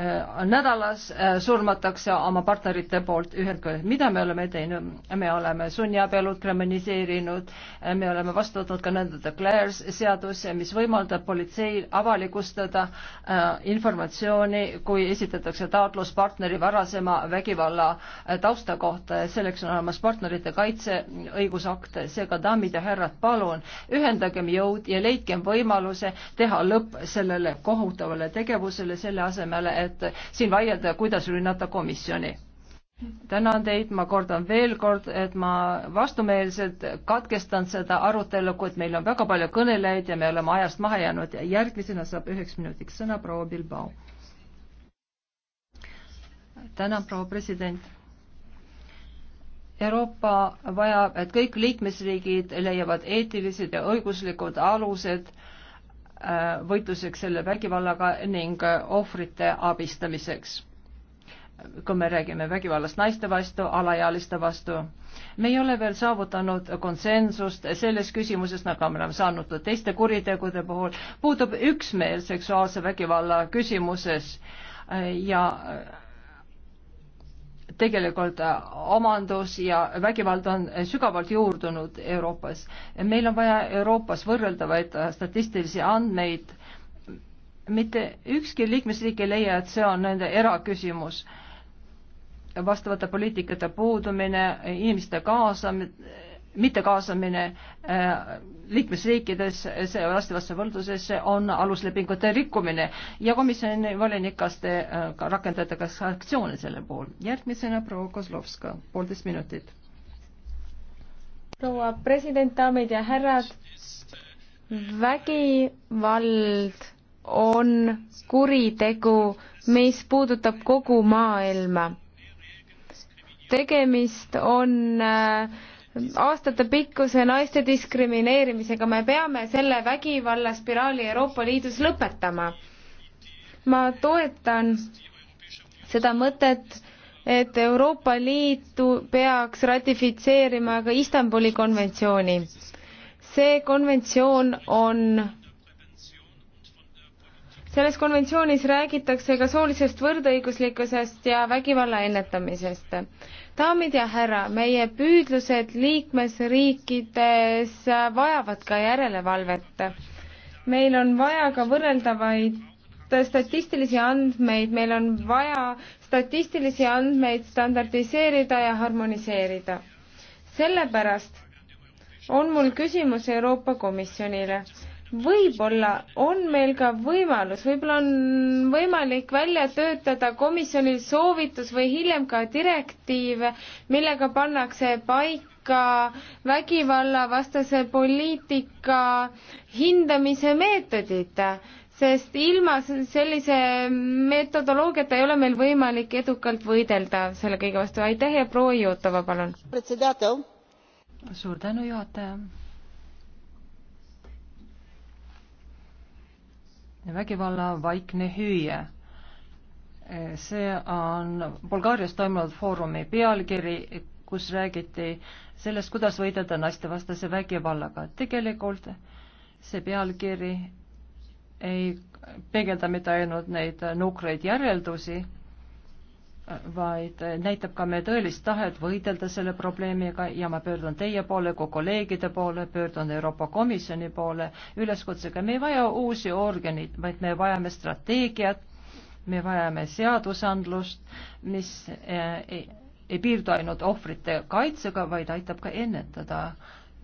Äh, nädalas äh, surmatakse oma partnerite poolt ühelt küljelt. mida me oleme teinud? me oleme sunniabielud kriminaliseerinud, äh, me oleme vastu võtnud ka nõnda de Clares seaduse, mis võimaldab politseil avalikustada informatsiooni, kui esitatakse taotlus partneri varasema vägivalla tausta kohta ja selleks on olemas partnerite kaitse õigusakt. seega, daamid ja härrad, palun ühendagem jõud ja leidkem võimaluse teha lõpp sellele kohutavale tegevusele, selle asemel, et et siin vaielda, kuidas rünnata komisjoni. tänan teid, ma kordan veel kord, et ma vastumeelselt katkestan seda arutelu, kuid meil on väga palju kõnelejaid ja me oleme ajast maha jäänud ja järgmisena saab üheks minutiks sõna proua Bilbao. tänan, proua president Euroopa vajab, et kõik liikmesriigid leiavad eetilised ja õiguslikud alused võitluseks selle vägivallaga ning ohvrite abistamiseks kui me räägime vägivallast naiste vastu, alaealiste vastu. me ei ole veel saavutanud konsensust selles küsimuses, nagu me oleme saanud teiste kuritegude puhul, puudub üksmeel seksuaalse vägivalla küsimuses ja tegelikult äh, omandus ja vägivald on äh, sügavalt juurdunud Euroopas. meil on vaja Euroopas võrreldavaid äh, statistilisi andmeid. mitte ükski liikmesriik ei leia, et see on nende eraküsimus. vastavate poliitikate puudumine, inimeste kaasamine mittekaasamine äh, liikmesriikides vastavasse võrdlusesse on aluslepingute rikkumine ja komisjoni volinik, kas te äh, ka rakendate ka sanktsioone selle pool. järgmisena proua Kozlovska, poolteist minutit. proua president, daamid ja härrad, vägivald on kuritegu, mis puudutab kogu maailma. tegemist on äh, aastatepikkuse naiste diskrimineerimisega, me peame selle vägivallaspiraali Euroopa Liidus lõpetama. ma toetan seda mõtet, et Euroopa Liitu peaks ratifitseerima ka Istanbuli konventsiooni. see konventsioon on selles konventsioonis räägitakse ka soolisest võrdõiguslikkusest ja vägivalla ennetamisest. daamid ja härra, meie püüdlused liikmesriikides vajavad ka järelevalvet. meil on vaja ka võrreldavaid statistilisi andmeid, meil on vaja statistilisi andmeid standardiseerida ja harmoniseerida. sellepärast on mul küsimus Euroopa Komisjonile võib-olla on meil ka võimalus, võib-olla on võimalik välja töötada komisjonil soovitus või hiljem ka direktiiv, millega pannakse paika vägivallavastase poliitika hindamise meetodid, sest ilma sellise metodoloogiata ei ole meil võimalik edukalt võidelda selle kõige vastu. aitäh ja proua Jutova, palun! suur tänu, juhataja! vägivalla vaikne hüüe see on Bulgaarias toimunud foorumi pealkiri, kus räägiti sellest, kuidas võidelda naistevastase vägivallaga. tegelikult see pealkiri ei peegelda mitte ainult neid nukreid järeldusi, vaid näitab ka meie tõelist tahet võidelda selle probleemiga ja ma pöördun teie poole, kui kolleegide poole, pöördun Euroopa Komisjoni poole üleskutsega, me ei vaja uusi organeid, vaid me vajame strateegiat, me vajame seadusandlust, mis eh, ei, ei piirdu ainult ohvrite kaitsega, vaid aitab ka ennetada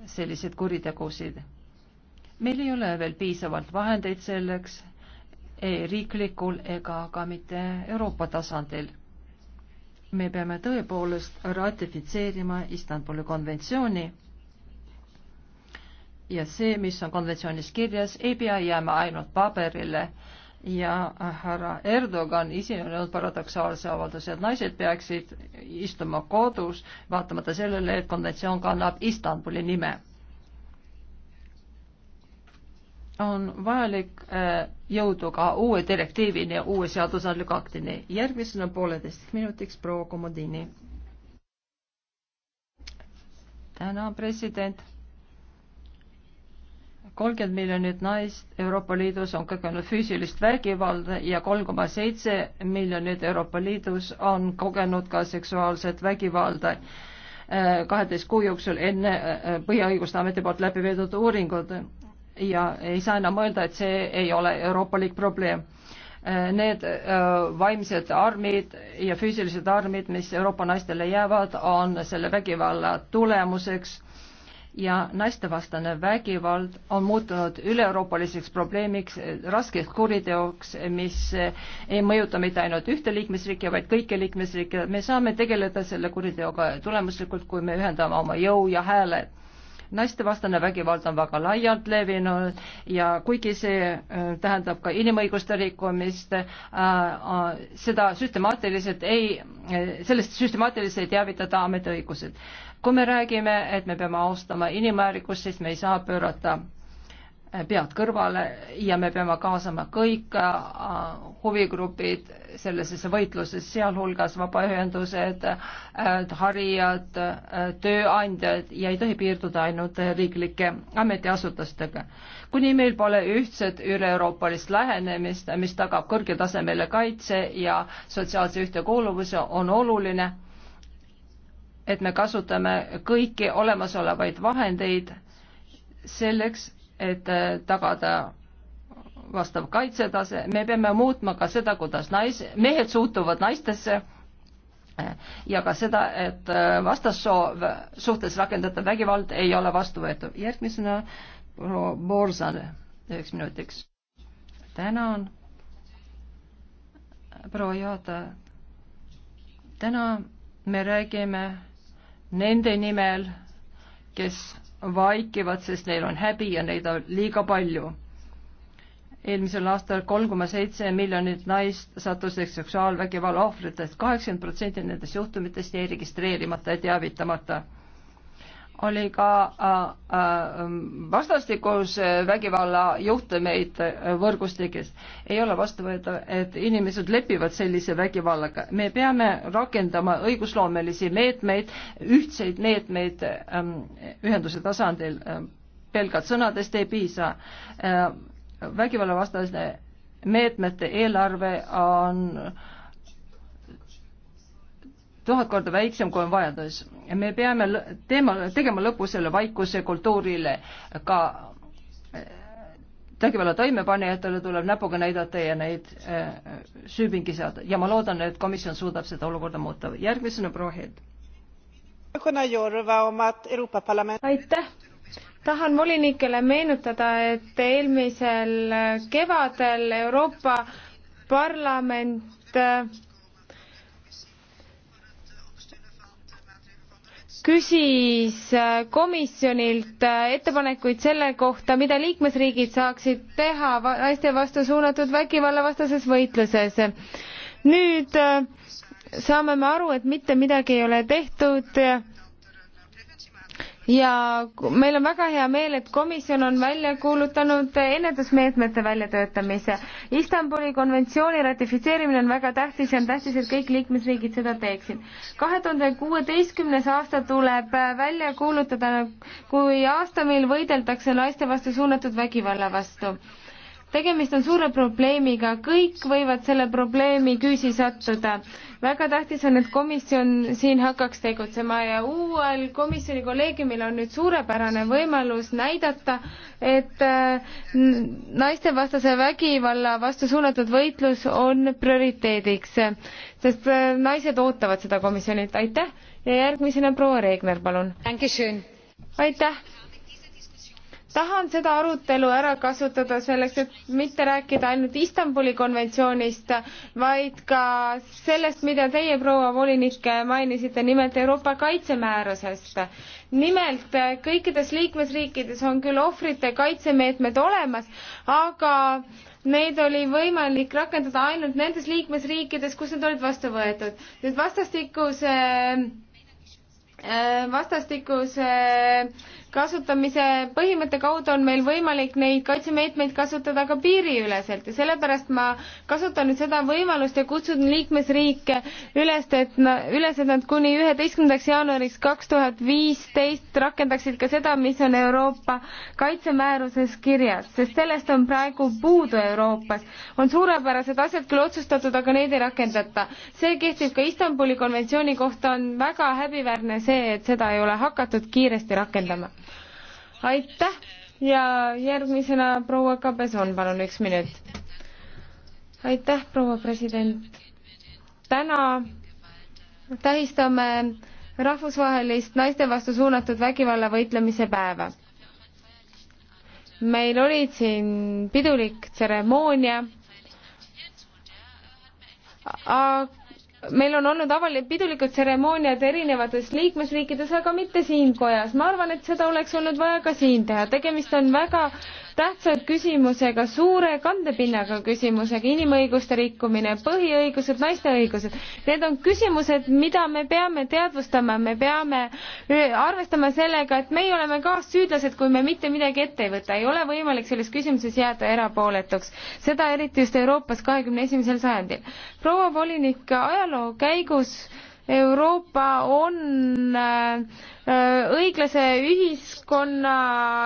selliseid kuritegusid. meil ei ole veel piisavalt vahendeid selleks, ei riiklikul ega ka mitte Euroopa tasandil me peame tõepoolest ratifitseerima Istanbuli konventsiooni ja see, mis on konventsioonis kirjas, ei pea jääma ainult paberile ja härra Erdogan ise on öelnud paradoksaalse avalduse, et naised peaksid istuma kodus, vaatamata sellele, et konventsioon kannab Istanbuli nime on vajalik äh, jõudu ka uue direktiivini ja uue seadusandliku aktini. järgmisena pooleteiseks minutiks proua Komodini. täna president. kolmkümmend miljonit naist Euroopa Liidus on kogenud füüsilist vägivalda ja kolm koma seitse miljonit Euroopa Liidus on kogenud ka seksuaalset vägivalda äh, kaheteist kuu jooksul enne äh, Põhiõiguste Ameti poolt läbi veedud uuringud ja ei saa enam öelda, et see ei ole euroopalik probleem. Need äh, vaimsed armid ja füüsilised armid, mis Euroopa naistele jäävad, on selle vägivalla tulemuseks ja naistevastane vägivald on muutunud üleeuroopaliseks probleemiks, raskeks kuriteoks, mis ei mõjuta mitte ainult ühte liikmesriiki, vaid kõiki liikmesriike. me saame tegeleda selle kuriteoga tulemuslikult, kui me ühendame oma jõu ja hääled naistevastane vägivald on väga laialt levinud ja kuigi see äh, tähendab ka inimõiguste rikkumist, äh, äh, seda süstemaatiliselt ei, sellest süstemaatiliselt ei teavitada ametiõigused. kui me räägime, et me peame austama inimväärikust, siis me ei saa pöörata pead kõrvale ja me peame kaasama kõik äh, huvigrupid sellesse võitlusesse, sealhulgas vabaühendused, äh, harijad, äh, tööandjad ja ei tohi piirduda ainult riiklike ametiasutustega. kuni meil pole ühtset üle-euroopalist lähenemist, mis tagab kõrgetasemele kaitse ja sotsiaalse ühtekuuluvuse, on oluline, et me kasutame kõiki olemasolevaid vahendeid selleks, et äh, tagada vastav kaitsetase, me peame muutma ka seda, kuidas nais-, mehed suhtuvad naistesse äh, ja ka seda, et äh, vastassoov suhtes rakendatav vägivald ei ole vastuvõetav. järgmisena proua Borsale üheks minutiks. tänan, proua juhataja. täna me räägime nende nimel, kes vaikivad, sest neil on häbi ja neid on liiga palju. eelmisel aastal kolm koma seitse miljonit naist sattusid seksuaalvägivalla ohvritest, kaheksakümmend protsenti nendest juhtumitest jäi registreerimata ja teavitamata oli ka äh, äh, vastastikus äh, vägivalla juhtumeid võrgustikes. ei ole vastuvõetav, et inimesed lepivad sellise vägivallaga. me peame rakendama õigusloomelisi meetmeid, ühtseid meetmeid ähm, ühenduse tasandil. pelgalt sõnadest ei piisa. vägivallavastase meetmete eelarve on äh, tuhat korda väiksem, kui on vajadus. me peame teema, tegema lõpu selle vaikuse kultuurile ka vägivalla äh, toimepanijatele tuleb näpuga näidata ja neid äh, süüpingi seada ja ma loodan, et komisjon suudab seda olukorda muuta. järgmisena proua Hed. aitäh, tahan volinikele meenutada, et eelmisel kevadel Euroopa Parlament äh, küsis äh, komisjonilt äh, ettepanekuid selle kohta, mida liikmesriigid saaksid teha naiste vastu suunatud vägivallavastases võitluses. nüüd äh, saame me aru, et mitte midagi ei ole tehtud ja meil on väga hea meel, et komisjon on välja kuulutanud ennetusmeetmete väljatöötamise. Istanbuli konventsiooni ratifitseerimine on väga tähtis ja on tähtis, et kõik liikmesriigid seda teeksid. kahe tuhande kuueteistkümnes aasta tuleb välja kuulutada kui aasta, mil võideldakse naiste vastu suunatud vägivalla vastu tegemist on suure probleemiga, kõik võivad selle probleemi küüsi sattuda. väga tähtis on, et komisjon siin hakkaks tegutsema ja uuel komisjoni kolleegiumil on nüüd suurepärane võimalus näidata, et äh, naistevastase vägivalla vastu suunatud võitlus on prioriteediks, sest äh, naised ootavad seda komisjonilt, aitäh ja järgmisena proua Reegner, palun. aitäh tahan seda arutelu ära kasutada selleks, et mitte rääkida ainult Istanbuli konventsioonist, vaid ka sellest, mida teie, proua volinik, mainisite, nimelt Euroopa kaitsemäärusest. nimelt kõikides liikmesriikides on küll ohvrite kaitsemeetmed olemas, aga neid oli võimalik rakendada ainult nendes liikmesriikides, kus nad olid vastu võetud. nüüd vastastikuse äh, vastastikuse äh, kasutamise põhimõtte kaudu on meil võimalik neid kaitsemeetmeid kasutada ka piiriüleselt ja sellepärast ma kasutan nüüd seda võimalust ja kutsun liikmesriike üles, et, üles, et nad kuni üheteistkümnendaks jaanuariks kaks tuhat viisteist rakendaksid ka seda, mis on Euroopa kaitsemääruses kirjas, sest sellest on praegu puudu Euroopas. on suurepärased asjad küll otsustatud, aga neid ei rakendata. see kehtib ka Istanbuli konventsiooni kohta, on väga häbiväärne see, et seda ei ole hakatud kiiresti rakendama aitäh ja järgmisena proua Kabeson, palun üks minut. aitäh, proua president. täna tähistame rahvusvahelist naiste vastu suunatud vägivalla võitlemise päeva. meil olid siin pidulik tseremoonia, aga meil on olnud avalik pidulikud tseremooniad erinevates liikmesriikides, aga mitte siin kojas. ma arvan, et seda oleks olnud vaja ka siin teha. tegemist on väga tähtsa küsimusega, suure kandepinnaga küsimusega, inimõiguste rikkumine, põhiõigused, naiste õigused. Need on küsimused, mida me peame teadvustama, me peame arvestama sellega, et meie oleme ka süüdlased, kui me mitte midagi ette ei võta. ei ole võimalik selles küsimuses jääda erapooletuks. seda eriti just Euroopas kahekümne esimesel sajandil. proua volinik, ajaloo käigus Euroopa on äh, äh, õiglase ühiskonna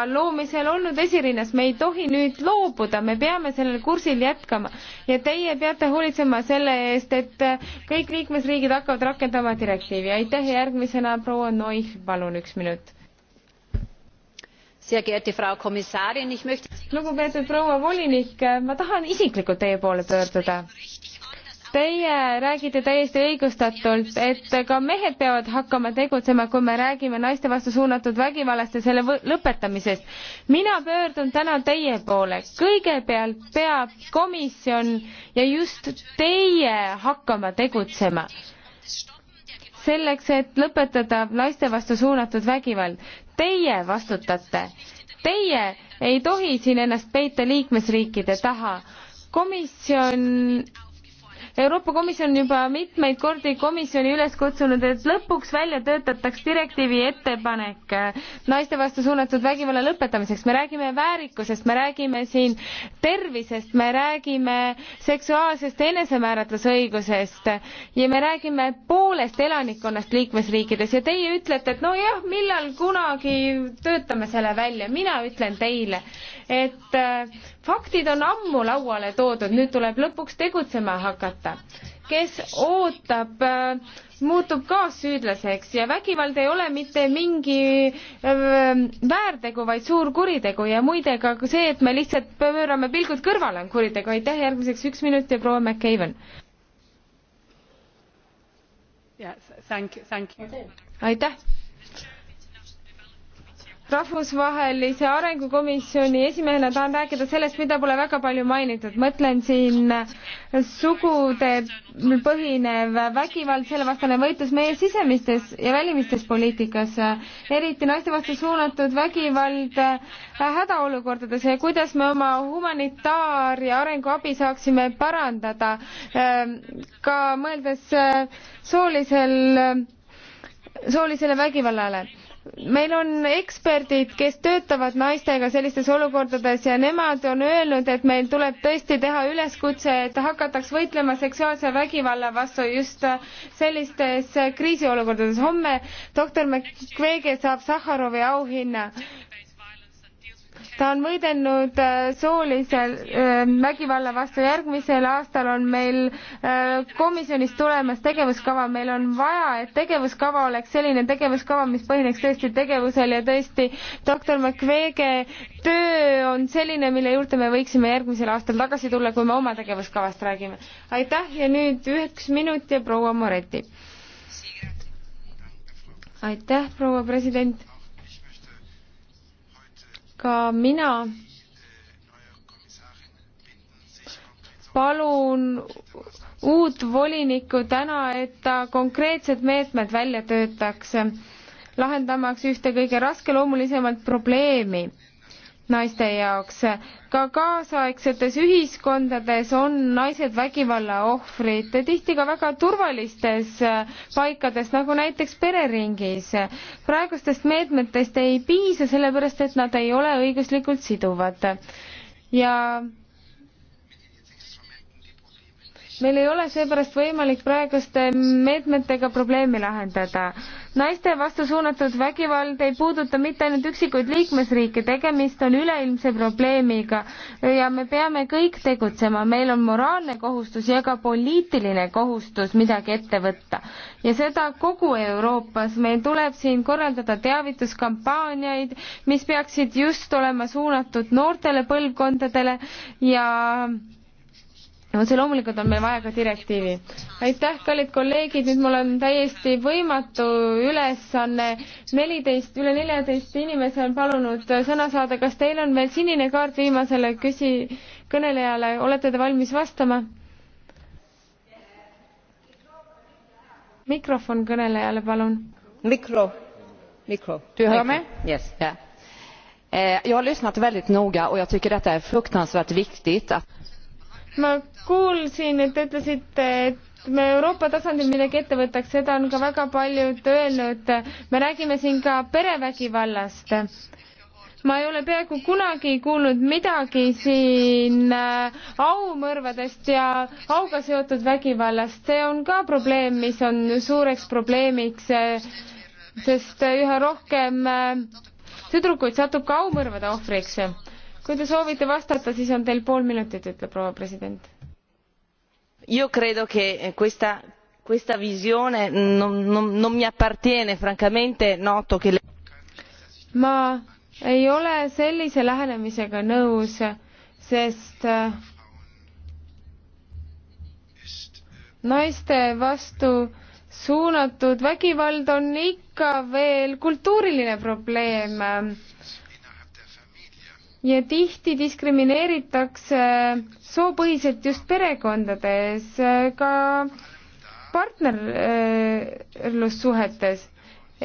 loomisel olnud esirinnas, me ei tohi nüüd loobuda, me peame sellel kursil jätkama ja teie peate hoolitsema selle eest, et äh, kõik liikmesriigid hakkavad rakendama direktiivi. aitäh ja järgmisena proua Noich, palun üks minut. lugupeetud proua volinik, ma tahan isiklikult teie poole pöörduda Teie räägite täiesti õigustatult, et ka mehed peavad hakkama tegutsema, kui me räägime naiste vastu suunatud vägivallast ja selle lõpetamisest. mina pöördun täna teie poole. kõigepealt peab komisjon ja just teie hakkama tegutsema selleks, et lõpetada naiste vastu suunatud vägivald. Teie vastutate. Teie ei tohi siin ennast peita liikmesriikide taha. komisjon Euroopa Komisjon juba mitmeid kordi komisjoni üles kutsunud, et lõpuks välja töötataks direktiivi ettepanek naiste vastu suunatud vägivalla lõpetamiseks. me räägime väärikusest, me räägime siin tervisest, me räägime seksuaalsest enesemääratlusõigusest ja me räägime poolest elanikkonnast liikmesriikides ja teie ütlete, et nojah, millal kunagi töötame selle välja. mina ütlen teile, et äh, faktid on ammu lauale toodud, nüüd tuleb lõpuks tegutsema hakata. kes ootab, äh, muutub kaassüüdlaseks ja vägivald ei ole mitte mingi äh, väärtegu, vaid suur kuritegu ja muide ka see, et me lihtsalt pöörame pilgud kõrvale, on kuritegu. aitäh, järgmiseks üks minut ja proua McCaven. aitäh rahvusvahelise arengukomisjoni esimehena tahan rääkida sellest, mida pole väga palju mainitud. mõtlen siin sugude põhinev vägivald, sellevastane võitlus meie sisemistes ja välimistes poliitikas, eriti naiste vastu suunatud vägivald hädaolukordades ja kuidas me oma humanitaar- ja arenguabi saaksime parandada, ka mõeldes soolisel soolisele vägivallale meil on eksperdid, kes töötavad naistega sellistes olukordades ja nemad on öelnud, et meil tuleb tõesti teha üleskutse, et hakataks võitlema seksuaalse vägivalla vastu just sellistes kriisiolukordades. homme doktor Mekvege saab Sahharovi auhinna ta on võidelnud äh, soolise äh, vägivalla vastu. järgmisel aastal on meil äh, komisjonis tulemas tegevuskava, meil on vaja, et tegevuskava oleks selline tegevuskava, mis põhineks tõesti tegevusel ja tõesti doktor McVeege töö on selline, mille juurde me võiksime järgmisel aastal tagasi tulla, kui me oma tegevuskavast räägime. aitäh ja nüüd üheks minut ja proua Moreti. aitäh, proua president ka mina palun uut volinikku täna, et ta konkreetsed meetmed välja töötaks, lahendamaks ühte kõige raskeloomulisemat probleemi naiste jaoks. ka kaasaegsetes ühiskondades on naised vägivalla ohvrid, tihti ka väga turvalistes äh, paikades, nagu näiteks pereringis. praegustest meetmetest ei piisa, sellepärast et nad ei ole õiguslikult siduvad. ja meil ei ole seepärast võimalik praeguste meetmetega probleemi lahendada. naiste vastu suunatud vägivald ei puuduta mitte ainult üksikuid liikmesriike, tegemist on üleilmse probleemiga ja me peame kõik tegutsema, meil on moraalne kohustus ja ka poliitiline kohustus midagi ette võtta. ja seda kogu Euroopas, meil tuleb siin korraldada teavituskampaaniaid, mis peaksid just olema suunatud noortele põlvkondadele ja no see loomulikult on meil vaja ka direktiivi. aitäh, kallid kolleegid, nüüd mul on täiesti võimatu ülesanne. neliteist, üle neljateist inimese on palunud sõna saada. kas teil on veel sinine kaart viimasele küsi-, kõnelejale, olete te valmis vastama? mikrofon kõnelejale, palun. mikro, mikro. Tühame? Yes, jah. Eh, jag har lyssnat väldigt noga och jag tycker detta är fruktansvärt viktigt att ma kuulsin, et te ütlesite, et me Euroopa tasandil midagi ette võtaks, seda on ka väga paljud öelnud. me räägime siin ka perevägivallast. ma ei ole peaaegu kunagi kuulnud midagi siin äh, aumõrvadest ja auga seotud vägivallast. see on ka probleem, mis on suureks probleemiks, äh, sest üha rohkem tüdrukuid äh, satub ka aumõrvade ohvriks kui te soovite vastata, siis on teil pool minutit, ütleb proua president. Io credo che questa, questa visione non, non, non mi appartiene, francamente noto che le... ma ei ole sellise lähenemisega nõus, sest äh, naiste vastu suunatud vägivald on ikka veel kultuuriline probleem ja tihti diskrimineeritakse soopõhiselt just perekondades, ka partnerlussuhetes,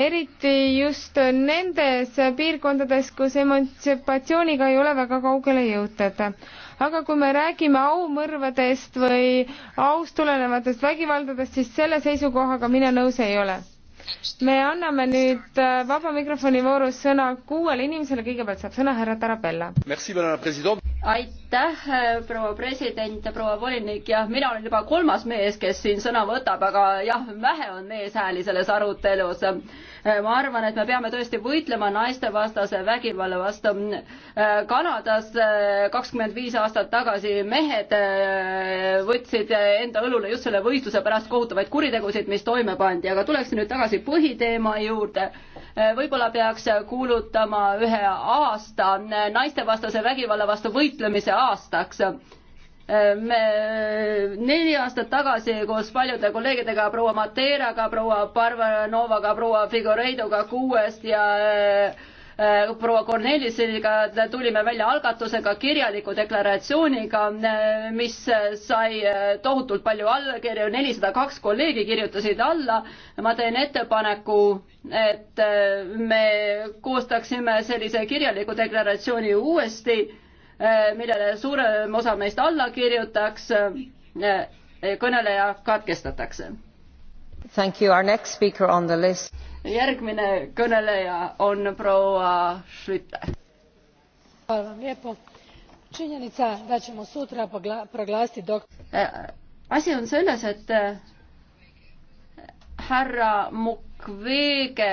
eriti just nendes piirkondades, kus emantsipatsiooniga ei ole väga kaugele jõutud aga kui me räägime aumõrvadest või aust tulenevatest vägivaldadest, siis selle seisukohaga mina nõus ei ole me anname nüüd äh, vaba mikrofoni voorus sõna kuuele inimesele, kõigepealt saab sõna härra Tarabella. aitäh, äh, proua president, proua volinik, jah, mina olen juba kolmas mees, kes siin sõna võtab, aga jah, vähe on meeshääli selles arutelus Äh, ma arvan, et me peame tõesti võitlema naistevastase vägivalla vastu. Äh, Kanadas äh, kakskümmend viis aastat tagasi mehed võtsid enda õlule just selle võistluse pärast kohutavaid kuritegusid, mis toime pandi, aga tuleksin nüüd tagasi põhiteema juurde. võib-olla peaks kuulutama ühe aasta naistevastase vägivalla vastu võitlemise aastaks me neli aastat tagasi koos paljude kolleegidega, proua Mateeraga, proua Parvanovaga, proua Figoreidoga kuuest ja äh, proua Kornelisseniga tulime välja algatusega, kirjaliku deklaratsiooniga, mis sai äh, tohutult palju allkirju, nelisada kaks kolleegi kirjutasid alla. ma teen ettepaneku, et äh, me koostaksime sellise kirjaliku deklaratsiooni uuesti Äh, millele suurem osa meist alla kirjutaks, äh, kõneleja katkestatakse. järgmine kõneleja on proua Schlüter. Äh, asi on selles, et härra Mukwege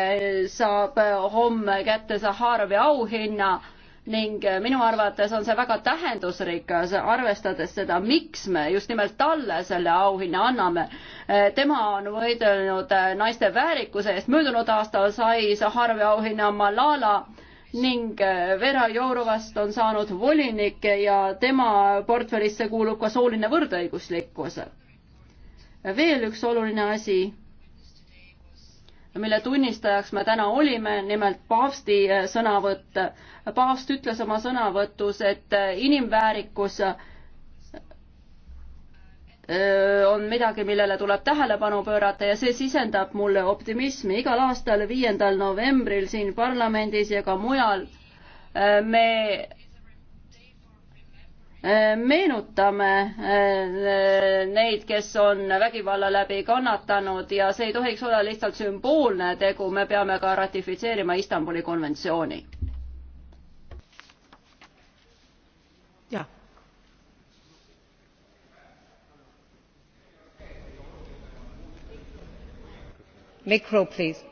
saab homme kätte Saharovi auhinna ning äh, minu arvates on see väga tähendusrikas, arvestades seda, miks me just nimelt talle selle auhinna anname. Äh, tema on võidelnud äh, naiste väärikuse eest, möödunud aastal sai Saharvi auhinna Malala ning Vera Jourovast on saanud volinik ja tema portfellisse kuulub ka sooline võrdõiguslikkus. veel üks oluline asi mille tunnistajaks me täna olime, nimelt paavsti äh, sõnavõtt. paavst ütles oma sõnavõtus, et äh, inimväärikus äh, on midagi, millele tuleb tähelepanu pöörata ja see sisendab mulle optimismi. igal aastal viiendal novembril siin parlamendis ja ka mujal me Äh, meenutame äh, neid, kes on vägivalla läbi kannatanud ja see ei tohiks olla lihtsalt sümboolne tegu, me peame ka ratifitseerima Istanbuli konventsiooni. jah. Mikro, please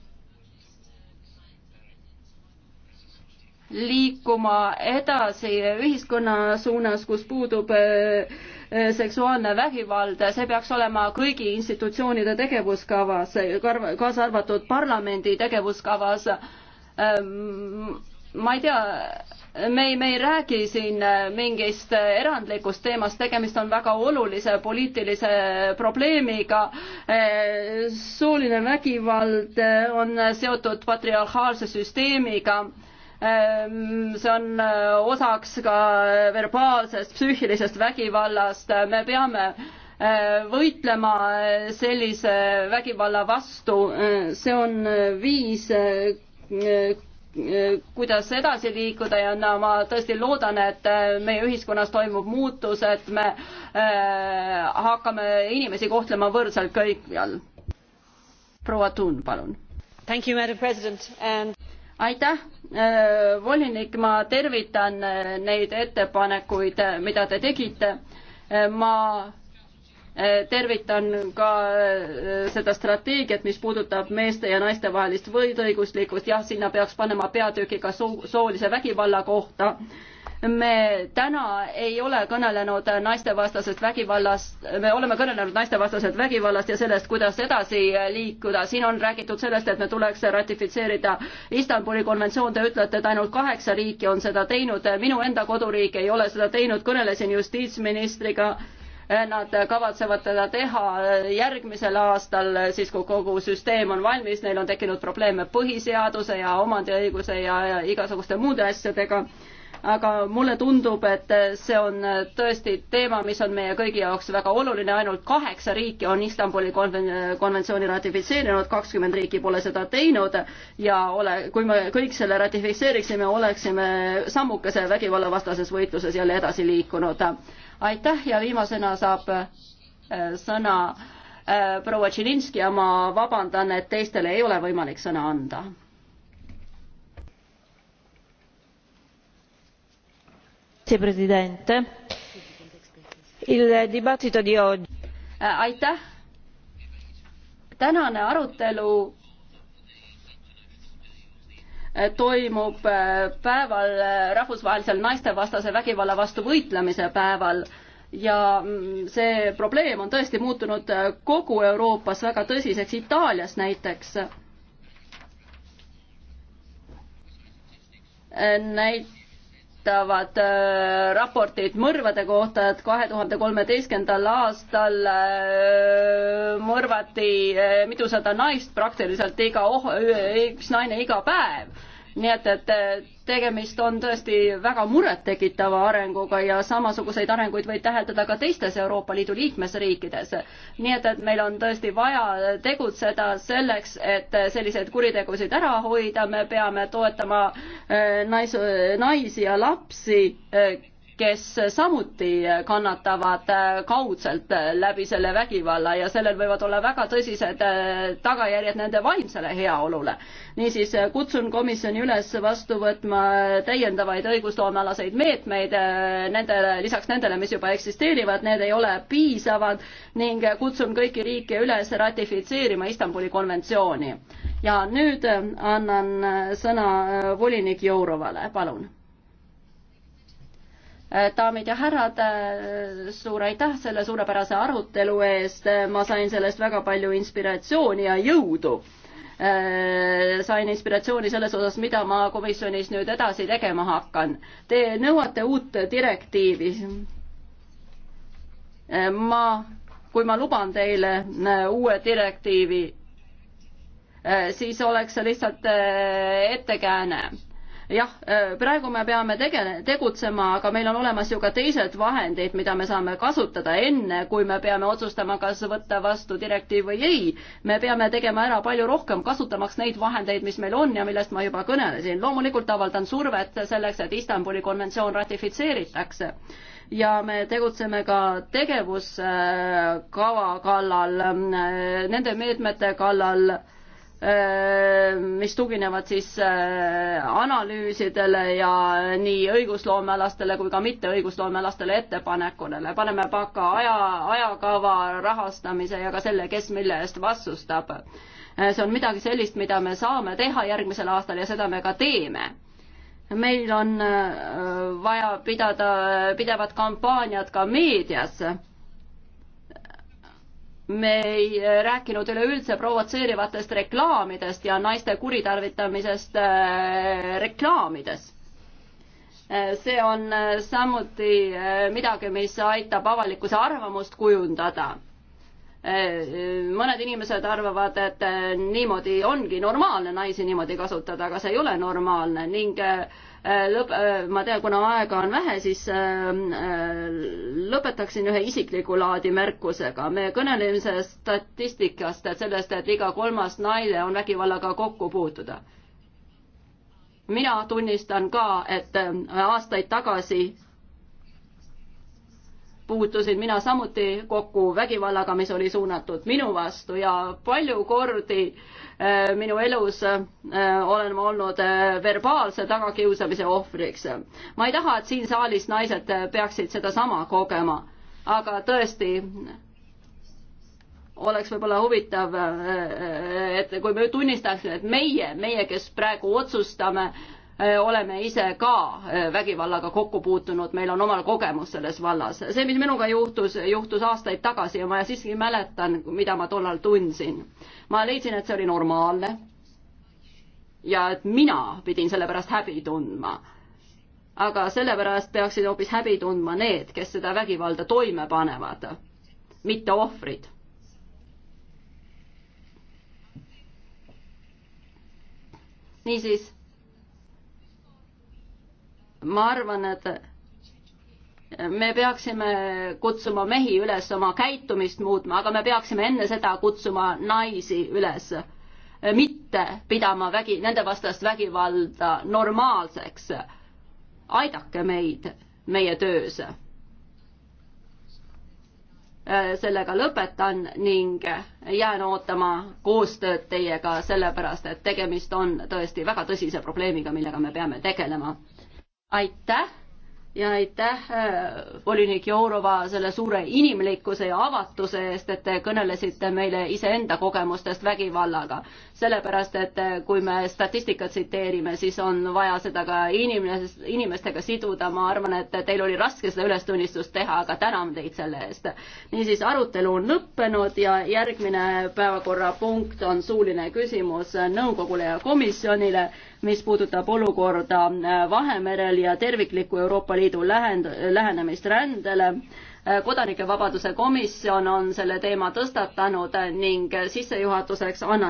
liikuma edasi ühiskonna suunas, kus puudub äh, äh, seksuaalne vägivald, see peaks olema kõigi institutsioonide tegevuskavas, kaasa arvatud parlamendi tegevuskavas. Ähm, ma ei tea, me ei, me ei räägi siin äh, mingist erandlikust teemast, tegemist on väga olulise poliitilise probleemiga. sooline vägivald on seotud patriarhaalse süsteemiga Ehm, see on eh, osaks ka verbaalsest psüühilisest vägivallast, me peame eh, võitlema sellise vägivalla vastu, eh, see on viis, kuidas edasi liikuda ja no ma tõesti loodan, et meie ühiskonnas toimub muutus, et me hakkame inimesi kohtlema võrdselt kõikjal. proua Tuun, palun. And... aitäh Äh, volinik, ma tervitan äh, neid ettepanekuid, äh, mida te tegite. ma tervitan ka seda strateegiat, mis puudutab meeste ja naiste vahelist võrdõiguslikkust, jah, sinna peaks panema peatüki ka soolise vägivalla kohta me täna ei ole kõnelenud naistevastasest vägivallast, me oleme kõnelenud naistevastasest vägivallast ja sellest, kuidas edasi liikuda. siin on räägitud sellest, et me tuleks ratifitseerida Istanbuli konventsioon, te ütlete, et ainult kaheksa riiki on seda teinud, minu enda koduriik ei ole seda teinud, kõnelesin justiitsministriga nad kavatsevad teda teha järgmisel aastal, siis kui kogu süsteem on valmis, neil on tekkinud probleeme põhiseaduse ja omandiõiguse ja, ja igasuguste muude asjadega aga mulle tundub, et see on tõesti teema, mis on meie kõigi jaoks väga oluline, ainult kaheksa riiki on Istanbuli konven-, konventsiooni ratifitseerinud, kakskümmend riiki pole seda teinud ja ole, kui me kõik selle ratifitseeriksime, oleksime sammukese vägivallavastases võitluses jälle edasi liikunud. aitäh ja viimasena saab äh, sõna äh, proua Tšilinski ja ma vabandan, et teistele ei ole võimalik sõna anda signor presidente il dibattito di oggi. Eh, aitäh! tänane arutelu eh, toimub eh, päeval rahvusvahelisel naistevastase vägivalla vastu võitlemise päeval ja mm, see probleem on tõesti muutunud kogu Euroopas väga tõsiseks, Itaalias näiteks. näit-, huvitavad äh, raportid mõrvade kohta, et kahe tuhande kolmeteistkümnendal aastal äh, mõrvati äh, mitusada naist praktiliselt iga oh-, üks naine iga päev nii et, et eh, tegemist on tõesti väga murettekitava arenguga ja samasuguseid arenguid võib täheldada ka teistes Euroopa Liidu liikmesriikides. nii et, et meil on tõesti vaja tegutseda selleks, et selliseid kuritegusid ära hoida, me peame toetama eh, nais, naisi ja lapsi, eh, kes samuti kannatavad äh, kaudselt äh, läbi selle vägivalla ja sellel võivad olla väga tõsised äh, tagajärjed nende vaimsele heaolule. niisiis kutsun komisjoni üles vastu võtma täiendavaid õigusloomealaseid meetmeid nendele, lisaks nendele, mis juba eksisteerivad, need ei ole piisavad ning kutsun kõiki riike üles ratifitseerima Istanbuli konventsiooni. ja nüüd annan sõna volinik Jourovale, palun Äh, daamid ja härrad, äh, suur aitäh selle suurepärase arutelu eest, ma sain sellest väga palju inspiratsiooni ja jõudu. Äh, sain inspiratsiooni selles osas, mida ma komisjonis nüüd edasi tegema hakkan. Te nõuate uut direktiivi. ma, kui ma luban teile uue direktiivi, siis oleks see lihtsalt ettekääne jah, äh, praegu me peame tegele-, tegutsema, aga meil on olemas ju ka teised vahendid, mida me saame kasutada enne, kui me peame otsustama, kas võtta vastu direktiiv või ei. me peame tegema ära palju rohkem, kasutamaks neid vahendeid, mis meil on ja millest ma juba kõnelesin. loomulikult avaldan survet selleks, et Istanbuli konventsioon ratifitseeritakse ja me tegutseme ka tegevuskava kallal, äh, nende meetmete kallal Äh, mis tuginevad siis äh, analüüsidele ja nii õigusloomealastele kui ka mitteõigusloomealastele ettepanekunele. paneme paka aja, ajakava, rahastamise ja ka selle, kes mille eest vastustab. Äh, see on midagi sellist, mida me saame teha järgmisel aastal ja seda me ka teeme meil on vaja pidada pidevat kampaaniat ka meedias me ei eh, rääkinud üleüldse provotseerivatest reklaamidest ja naiste kuritarvitamisest eh, reklaamides. Eh, see on samuti midagi, mis aitab avalikkuse arvamust kujundada. mõned inimesed arvavad, et niimoodi ongi normaalne naisi niimoodi kasutada, aga see ei ole normaalne ning lõp-, ma tean, kuna aega on vähe, siis äh, lõpetaksin ühe isikliku laadi märkusega. me kõneleme statistikast, et sellest, et iga kolmas naine on vägivallaga kokku puutuda. mina tunnistan ka, et äh, aastaid tagasi puutusin mina samuti kokku vägivallaga, mis oli suunatud minu vastu ja palju kordi äh, minu elus äh, olen ma olnud äh, verbaalse tagakiusamise ohvriks. ma ei taha, et siin saalis naised peaksid sedasama kogema, aga tõesti oleks võib-olla huvitav, et kui me tunnistaksime, et meie, meie, kes praegu otsustame, oleme ise ka vägivallaga kokku puutunud, meil on omal kogemus selles vallas. see, mis minuga juhtus, juhtus aastaid tagasi ja ma siiski mäletan, mida ma tollal tundsin. ma leidsin, et see oli normaalne ja et mina pidin selle pärast häbi tundma. aga sellepärast peaksid hoopis häbi tundma need, kes seda vägivalda toime panevad, mitte ohvrid. niisiis ma arvan, et me peaksime kutsuma mehi üles oma käitumist muutma, aga me peaksime enne seda kutsuma naisi üles mitte pidama vägi, nende vastast vägivalda normaalseks. aidake meid meie töös. sellega lõpetan ning jään ootama koostööd teiega, sellepärast et tegemist on tõesti väga tõsise probleemiga, millega me peame tegelema aitäh ja aitäh, äh, volinik Jourova, selle suure inimlikkuse ja avatuse eest, et te kõnelesite meile iseenda kogemustest vägivallaga sellepärast et kui me statistikat tsiteerime, siis on vaja seda ka inimes-, inimestega siduda, ma arvan, et teil oli raske seda ülestunnistust teha, aga tänan teid selle eest. niisiis, arutelu on lõppenud ja järgmine päevakorrapunkt on suuline küsimus nõukogule ja komisjonile, mis puudutab olukorda Vahemerel ja terviklikku Euroopa Liidu lähend-, lähenemist rändele kodanike vabaduse komisjon on selle teema tõstatanud ning sissejuhatuseks annan